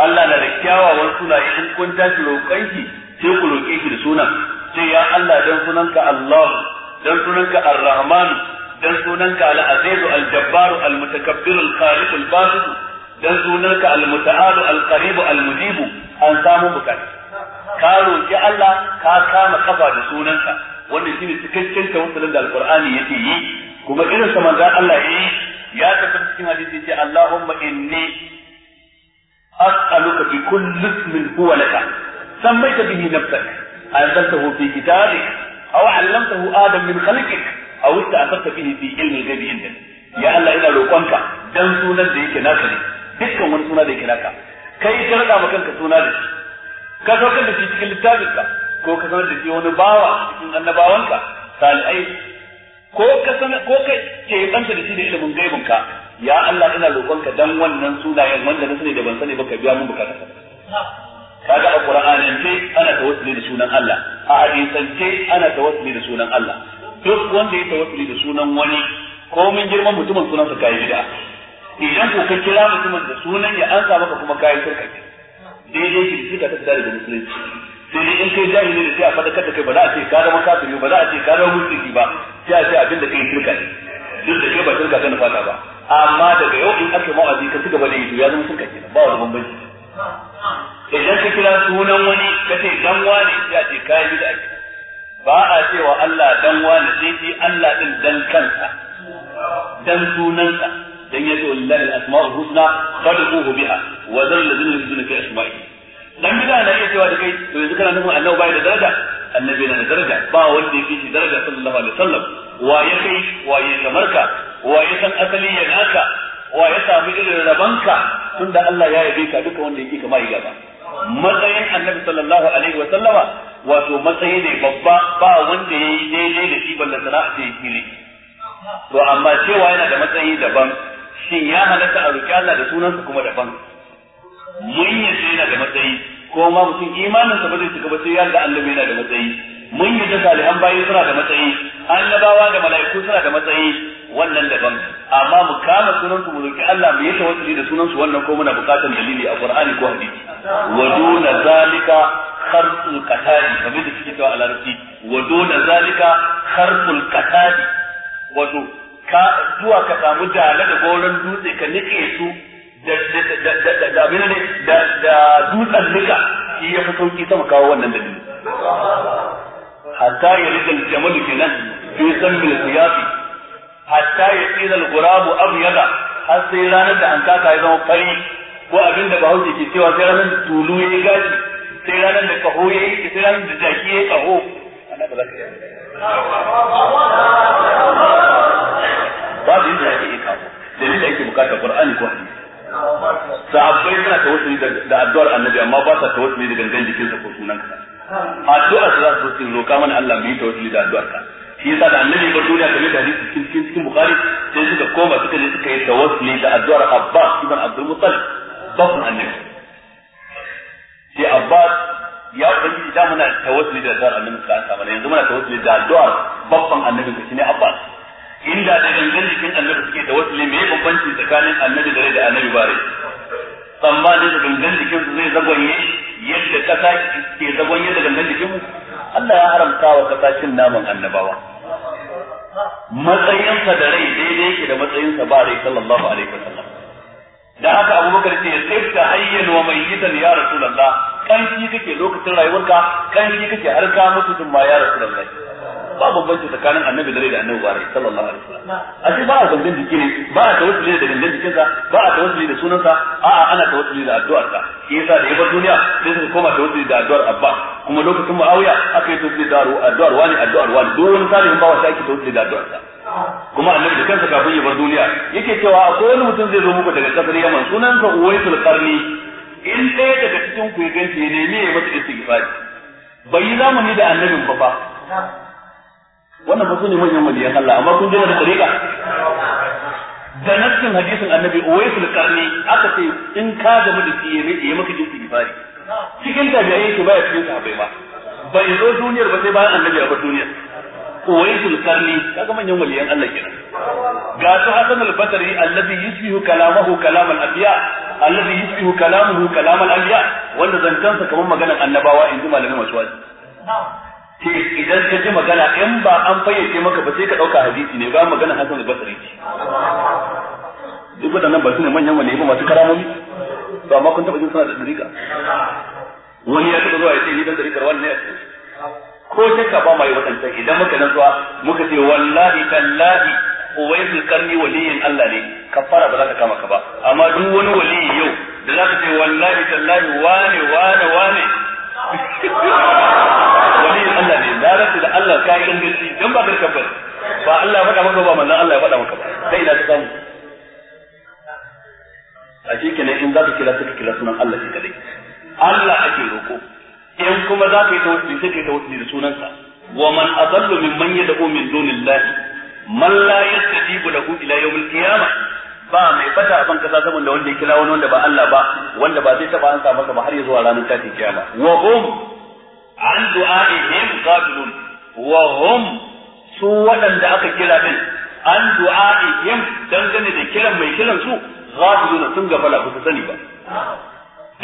Allah na da kyawawan suna in kun tashi roƙon shi sai ku roƙe shi da sunan sai ya Allah dan sunanka Allah dan sunanka Ar-Rahman dan sunanka Al-Aziz Al-Jabbar Al-Mutakabbir Al-Khaliq Al-Basit dan sunanka Al-Muta'al Al-Qarib Al-Mujib an samu bukata ka roki Allah ka kama kafa da sunanka wannan shine cikakken tawassulin da alqur'ani yake yi kuma irin sa manzon Allah yi ya tafi cikin hadisi ce Allahumma inni as'aluka bi kulli ismin huwa laka sammaita bihi nafsaka anzaltahu fi kitabik aw 'allamtahu adam min khalqik aw ista'farta bihi fi ilmi al-ghaib indak ya Allah ina roƙonka dan sunan da yake naka ne dukkan wani suna da yake naka kai ka maka kanka suna da shi ka saukar da shi cikin littafinka ko ka sanar da shi wani bawa cikin annabawanka salihai ko ka sanar ko ka ke tsanta da shi da ilimin gaibinka ya Allah ina roƙonka dan wannan sunayen wanda na sani da ban sani ba ka biya mun bukata kaga a qur'anance ana tawassuli da sunan Allah a ce ana tawassuli da sunan Allah duk wanda ya tawassuli da sunan wani ko mun girman mutumin sunansa kai bid'a idan ko ka kira mutumin da sunan ya ansa maka kuma kai shirka daidai ki suka ta da musulunci sai dai in kai jahili ne sai a fadakar da kai ba za a ce ka zama kafiri ba za a ce ka zama musulmi ba sai a ce abin da kai shirka ne duk da kai ba shirka kana fata ba amma daga yau in aka ma'azi ka ci gaba da yi to ya zama shirka kenan ba wani bambanci idan ka kira sunan wani ka ce dan wani sai a ce kai bid'a ba a cewa Allah dan wani sai dai Allah din dan kansa dan sunansa dan ya ce wallahi al-asma'ul husna fad'uhu biha wa zal ladina yuzuna fi asma'i dan bida na iya cewa da kai to yanzu kana nufin annabi bai da daraja annabi yana da daraja ba wanda yake shi daraja sallallahu alaihi wasallam wa ya kai wa ya kamarka wa ya san asali ya naka wa ya samu irin rabanka tunda Allah ya yabe ka duka wanda yake kamar ya ba matsayin annabi sallallahu alaihi wa sallama wato matsayi ne babba ba wanda ya yi daidai da shi balla sana'a ce fili to amma cewa yana da matsayi daban shin ya halatta a roƙi Allah da sunansa kuma daban mun yi sai yana da matsayi ko ma mutum imaninsa ba zai shiga ba sai ya ga annabi yana da matsayi mun yi da salihan bayi suna da matsayi annabawa da mala'iku suna da matsayi wannan daban amma mu kama sunan su mu roki Allah mu yi wasu da sunan su wannan ko muna buƙatar dalili a Qur'ani ko hadisi wa duna zalika kharful qatadi kamar da suke cewa a larabci wa duna zalika kharful qatadi wato ka zuwa ka samu dala da goron dutse ka nike su da abin ne da dutsen nika shi ya fi sauki sama kawo wannan dalili hatta ya rika jamalu kenan fi san bil siyafi hatta ya tsira al-ghurabu abyada har sai ranar da an taka ya zama fari ko abin da bahaushe ke cewa sai ranar da tulu ya yi gashi sai ranar da kaho ya yi sai ranar da jaki ya kaho ana ba za ka yi babu inda zaka iya kawo dalilin da yake bukata qur'ani ko hadisi sahabbai suna tawassuli da addu'ar annabi amma ba sa tawassuli da gangan jikinsa ko sunan ka addu'ar su za su tawassuli roka mana Allah mu yi tawassuli da addu'ar ka shi yasa da annabi ba duniya kamar da hadisi cikin cikin cikin bukhari sai suka koma suka je suka yi tawassuli da addu'ar abbas ibn abdul muttalib babban annabi sai abbas ya ubangiji da muna tawassuli da addu'ar annabi ka sa mana yanzu muna tawassuli da addu'ar babban annabi ka shine abbas inda da gangan jikin annabi suke da wasu me bambanci tsakanin annabi da rai da annabi ba rai tsammanin da gangan jikin su zai zagonye yadda kasa ke zagonye da gangan jikin mu Allah ya haramta wa kasa cin naman annabawa matsayinsa da rai daidai yake da matsayinsa ba rai sallallahu alaihi wasallam da haka abubakar ce tsifta hayyan wa mayyitan ya rasulullah kanki kake lokacin rayuwarka kanki kake harka ka mutu ma ya rasulullah ba bambanci tsakanin annabi da rai da annabi bari sallallahu alaihi wasallam a ce ba a gangan jiki ne ba a tawassuli da gangan jikinsa ba a tawassuli da sunansa a a ana tawassuli da addu'ar shi yasa da yabar duniya sai suka koma tawassuli da addu'ar abba kuma lokacin muawiya aka yi tawassuli da addu'ar wani addu'ar wani duk wani salihin bawa sai ake tawassuli da addu'ar sa. kuma annabi da kansa kafin ya bar duniya yake cewa akwai wani mutum zai zo muku daga kasar yaman sa uwai qarni in ɗaya daga cikin ku ya ganci ya nemi ya masa istighfari bai yi zamani da annabin ba ba wannan mutum ne manyan waliyan Allah amma kun ji da tariqa da nassin hadisin annabi uwaisul qarni aka ce in ka gamu da shi iya maka jinsi gibari cikin yi ke baya cikin sahabbai ba bai zo duniyar ba sai bayan annabi a ba duniyar uwaisul qarni kaga manyan waliyan Allah kenan ga su hasan al-basri alladhi yusbihu kalamahu kalam al-anbiya alladhi yusbihu kalamuhu kalam al-anbiya wanda zantansa kamar maganar annabawa in ji malamin wasu ce idan ka ji magana in ba an fayyace maka ba sai ka ɗauka hadisi ne ba magana hasan al-basri ce duk nan ba su ne manyan wani ba masu karamomi ba ma kun taɓa jin suna da dariƙa wani ya taɓa zuwa ya ce ni dan dariƙar wannan ya ce ko shakka ba ma yi waɗancan idan muka nan zuwa muka ce wallahi tallahi uwaisul karni waliyin Allah ne kafara ba za ka kama ka ba amma duk wani waliyi yau da za ka ce wallahi tallahi wane wane wane waliyin Allah ne na rasu da Allah ka kan gaci don ba garkan ba ba Allah ya faɗa maka ba manzon Allah ya faɗa maka ba sai ina ta samu a shi ne in za ka kira suka kira sunan Allah shi kadai Allah ake roƙo in kuma za ka yi ta tawassuli sai ka yi ta tawassuli da sunansa wa man adallu mimman yad'u min dunillahi man la yastajibu lahu ila yawmil qiyamah ba mai bata a ban kasa saboda wanda ya kira wani wanda ba Allah ba wanda ba zai taba ansa masa ba har zuwa ranar tashin kiyama wa hum an du'a'ihim qafilun wa hum su waɗanda aka kira din an du'a'ihim dangane da kiran mai kiran su ghafilun sun gafala ba su sani ba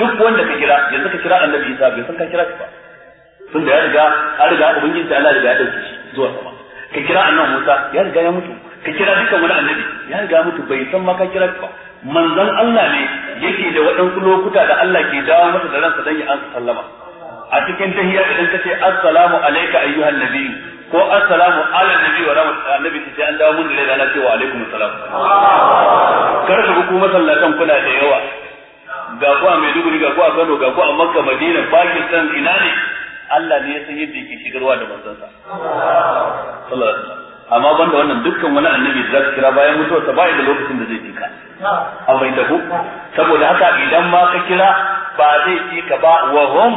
duk wanda ka kira yanzu ka kira annabi Isa bai san ka kira shi ba tun da ya riga an riga ubangiji Allah riga ya dauke shi zuwa sama ka kira annabi Musa ya riga ya mutu ka kira dukan wani annabi ya riga mutu bai san ma ka kira ba manzon Allah ne yake da waɗansu lokuta da Allah ke dawo masa da ransa dan ya ansa sallama a cikin tahiyya idan kace assalamu alayka ayyuhan nabiyyu ko assalamu ala nabi wa rahmatullahi annabi ta ce an dawo mun da rana cewa alaikum assalam kar ka ku masallatan kuna da yawa ga ku a Maiduguri ga ku a Kano ga ku a Makka Madina Pakistan ina ne Allah ne ya san yadda yake shigarwa da manzon sa sallallahu alaihi wasallam amma banda wannan dukkan wani annabi da zaka kira bayan mutuwarsa ba da lokacin da zai fi ka an bai da saboda haka idan ma ka kira ba zai fi ka ba wa hum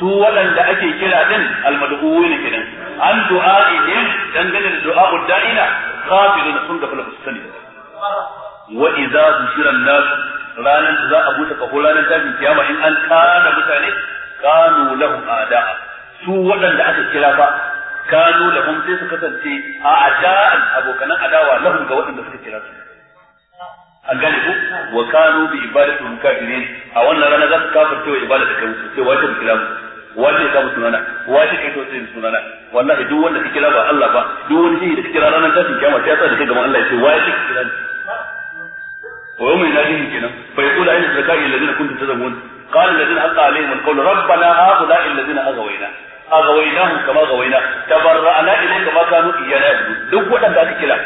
su waɗanda ake kira din almad'uwin kenan an du'a du'a'ihim dangane da du'a'ud da'ina ghafilun sun gafala ba su sani wa idza zushira an-nas ranan da za a buta kaho ranan tashin kiyama in an kana mutane kanu lahum ada'a su waɗanda aka kira ba كانوا لهم في سكة في أعداء أبو كان أداوى لهم قوات بس كتير أجانب وكانوا بإبادة المكافرين أو أن لنا ذات كافر توا إبادة كموسى واجب الكلام واجب كم سنانا واجب كم سنين سنانا وأن دون الكلام الله با دون شيء الكتير أنا ذات كم جاتا لكي دم الله يسوي واجب الكلام ويوم ينادي كنا فيقول أين الذكاء الذين كنتم تزعمون قال الذين حق عليهم القول ربنا هؤلاء الذين أغوينا a أغويناهم كما غوينا تبرأنا إليك كما كانوا إيانا يعبدون duk waɗanda aka kira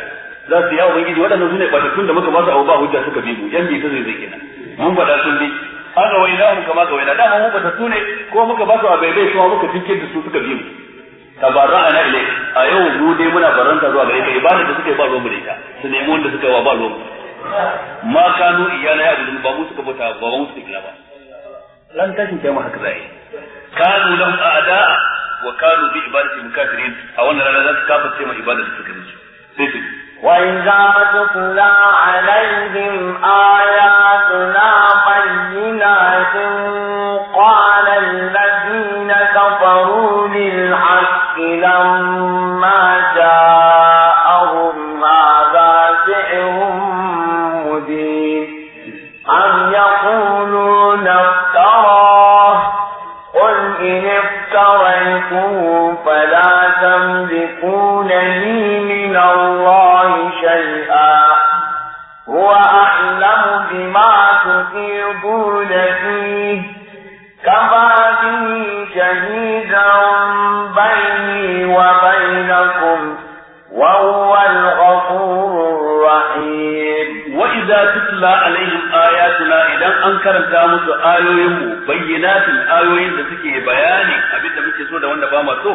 za su yawo ubangiji waɗannan sune ba tun da muka ba su abu ba hujja suka bi mu yan bi ta zai zai kenan mun faɗa sun bi an ga waina mun kama ga waina dama mu ba ta sune ko muka ba su a bai bai kuma muka tinke da su suka bi mu tabarra'ana ile a yau mu dai muna baranta zuwa gare ka ibada da suka yi ba ruwan mu da ita su nemi wanda suka yi wa ba ruwan ma kanu iyana ya ba mu suka bauta ba mu suka kira ba ran tashin kiyama haka zai kanu lahum a'da'a wa kanu bi ibadatihim kafirin a wannan rana za su kafirce ma ibadar da suka musu sai su وإذا تتلى عليهم آياتنا بينات قال الذين كفروا للحق لما جاءوا karanta musu ayoyin mu bayyinatin ayoyin da suke bayani abin da muke so da wanda ba ma so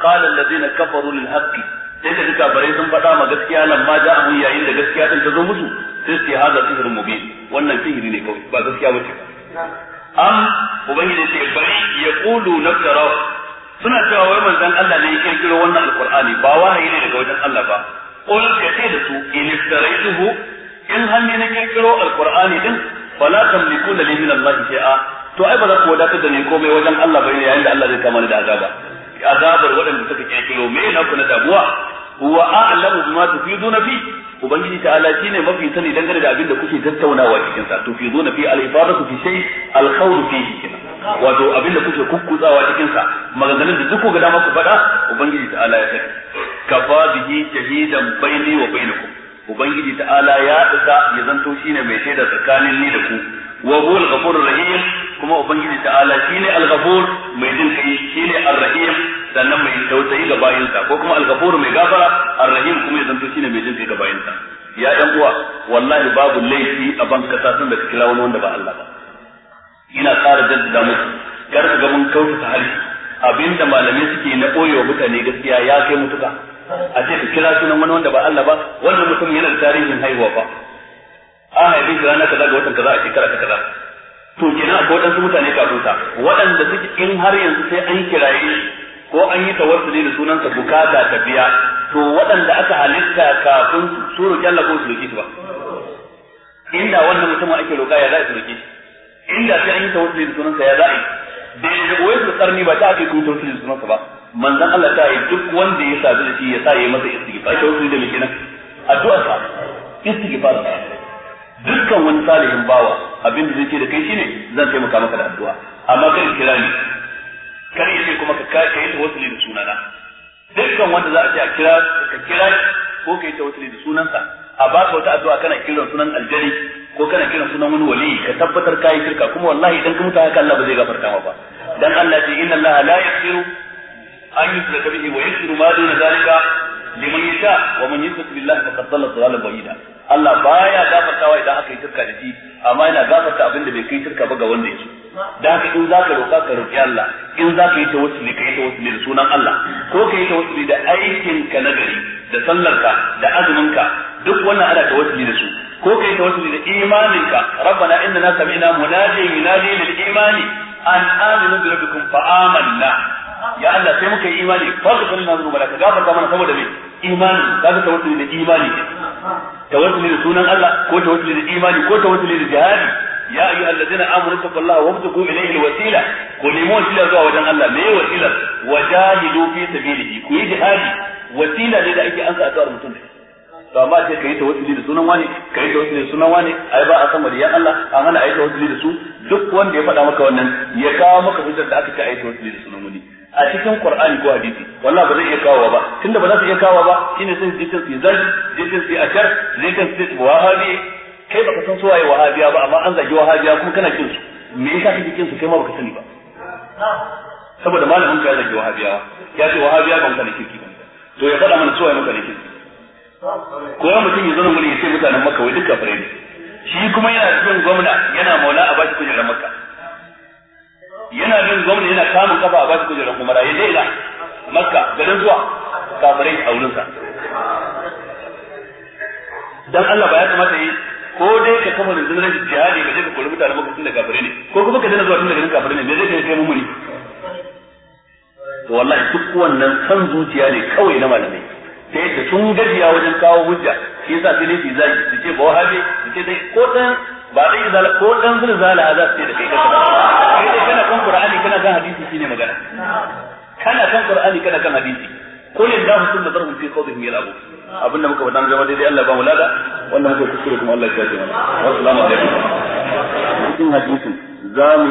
qala allazina kafaru lil haqqi sai da duka bare sun faɗa ma gaskiya nan ma da abun yayin da gaskiya din ta zo musu sai su hada sihirin mubin wannan sihiri ne kawai ba gaskiya bace am ubangiji ya bari na tsara. suna cewa wai manzon Allah ne ya kirkiro wannan alqur'ani ba wahayi ne daga wajen Allah ba qul ka ce da su in iftaraytuhu in hanni na kirkiro alqur'ani din fala tamlikuna li min Allah shay'a to ai ba za ku wadatar da ni komai wajen Allah bane yayin da Allah zai kama ni da azaba azabar waɗanda suka kirkiro me na ku na damuwa huwa a'lamu bima tufiduna fi ubangiji ta'ala shine mafi sani dangane da abinda kuke tattaunawa cikin sa tufiduna fi al-ifadatu fi shay al-khawru fihi kenan wato abinda kuke kukkutsawa cikin sa maganganun da duk ga dama ku faɗa ubangiji ta'ala ya sani kafa bihi shahidan baini wa bainakum ubangiji ta'ala ya isa ya zanto shine mai shaida tsakanin ni da ku wa huwal ghafurur rahim kuma ubangiji ta'ala shine al-ghafur mai jin kai shine ar-rahim sannan mai tausayi ga bayinsa ko kuma al-ghafur mai gafara ar-rahim kuma ya zanto shine mai jin kai ga bayinsa ya dan uwa wallahi babu laifi a ban ta da da kira wani wanda ba Allah ba ina tsara jaddada musu kar ka ga mun kauta hali abinda malamai suke na koyo mutane gaskiya ya kai mutuka a ce ka kira sunan wani wanda ba Allah ba wannan mutum yana da tarihin haihuwa ba a haifi rana kaza ga watan kaza a shekara kaza to kenan akwai waɗansu mutane kafin sa waɗanda suke in har yanzu sai an kiraye ko an yi tawassuli da sunansa bukata ta biya to waɗanda aka halitta kafin su roƙi Allah ko su roƙi ba inda wannan mutumin ake roƙa ya za su roƙi inda sai an yi tawassuli da sunansa ya za a yi da ya wai su tsarni ba ta ake kuma tawassuli da sunansa ba manzon Allah ta yi duk wanda ya sadu da shi ya sa yi masa istighfar ita wasu da mikinan nan addu'a sa istighfar sa dukkan wani salihin bawa abin da zai ce da kai shine zan taimaka maka da addu'a amma kar kira ni kar ce kuma ka ka yi tawassuli da sunana dukkan wanda za a ce a kira ka kira ko ka yi tawassuli da sunansa a baka wata addu'a kana kiran sunan aljari ko kana kiran sunan wani wali ka tabbatar kai shirka kuma wallahi idan ka mutu haka Allah ba zai gafarta ba dan Allah ce inna Allah la yaghfiru an yusraka bihi wa yusru ma duna zalika liman yasha wa man yushrik billahi faqad dalla dalalan ba'ida Allah baya gafartawa idan aka yi shirka da shi amma yana gafarta abin da bai kai shirka ba ga wanda yake da haka in zaka roƙa ka roƙi Allah in zaka yi tawassuli ka yi tawassuli da sunan Allah ko ka yi tawassuli da aikin ka na gari da sallarka da azuminka duk wannan ana tawassuli da su ko ka yi tawassuli da imaninka rabbana innana sami'na munadiyan yunadi lil imani an aminu bi rabbikum fa amanna ya Allah sai muka yi imani fadlan na zuru malaka gafarta mana saboda me imani kaga tawassuli da imani tawassuli da sunan Allah ko tawassuli da imani ko tawassuli da jihadi ya ayyuhal ladina amanu taqullaha wabtaqu ilayhi alwasila ku nemi wasila zuwa wajen Allah me wasila wajahidu fi sabilihi ku yi jihadi wasila ne da ake ansa a tsawar mutum da to amma sai kai tawassuli da sunan wani kai tawassuli da sunan wani ai ba a san ya Allah an hana ai tawassuli da su duk wanda ya faɗa maka wannan ya kawo maka hujjar da aka ce ai tawassuli da sunan wani a cikin Qur'ani ko hadisi wallahi ba zai iya kawo ba tunda ba za su iya kawo ba shine sai su ce ji je su ashar zai kan su wahabi kai ba ka san suwaye wahabiya ba amma an zagi wahabiya kuma kana kin su me yasa kake kin su kai ma ba ka sani ba saboda malamin ka ya zagi wahabiya ya ce wahabiya ban kana kirki ba to ya faɗa mana suwaye mutane ne kirki ko ya mutum ya zama mulki ya mutanen Makka wai duka fare ne shi kuma yana cikin gwamna yana maula a bashi kujerar Makka. yana bin gwamnati yana kamun kafa a bashi kujerar umara ya daina makka garin zuwa kafirai a wurinsa dan Allah ba ya kamata yi ko dai ka kafa rundunar jihadi ka je ka kula mutane maka tunda kafirai ne ko kuma ka dana zuwa tunda garin kafirai ne me zai kai kai mumuni to wallahi duk wannan san zuciya ne kawai na malamai sai da sun gajiya wajen kawo hujja shi yasa sai ne su zagi su ce ba wahabe su ce dai ko dan ba zai izala ko dan zai zala za su yi da kai kai dai kana kan qur'ani kana kan hadisi shine magana kana kan qur'ani kana kan hadisi qul illahu thumma darhum fi qawlihim yalabu abin da muka faɗa zama daidai Allah ba mu lada wannan muka kuskure kuma Allah ya ji mana assalamu alaikum cikin hadisin za mu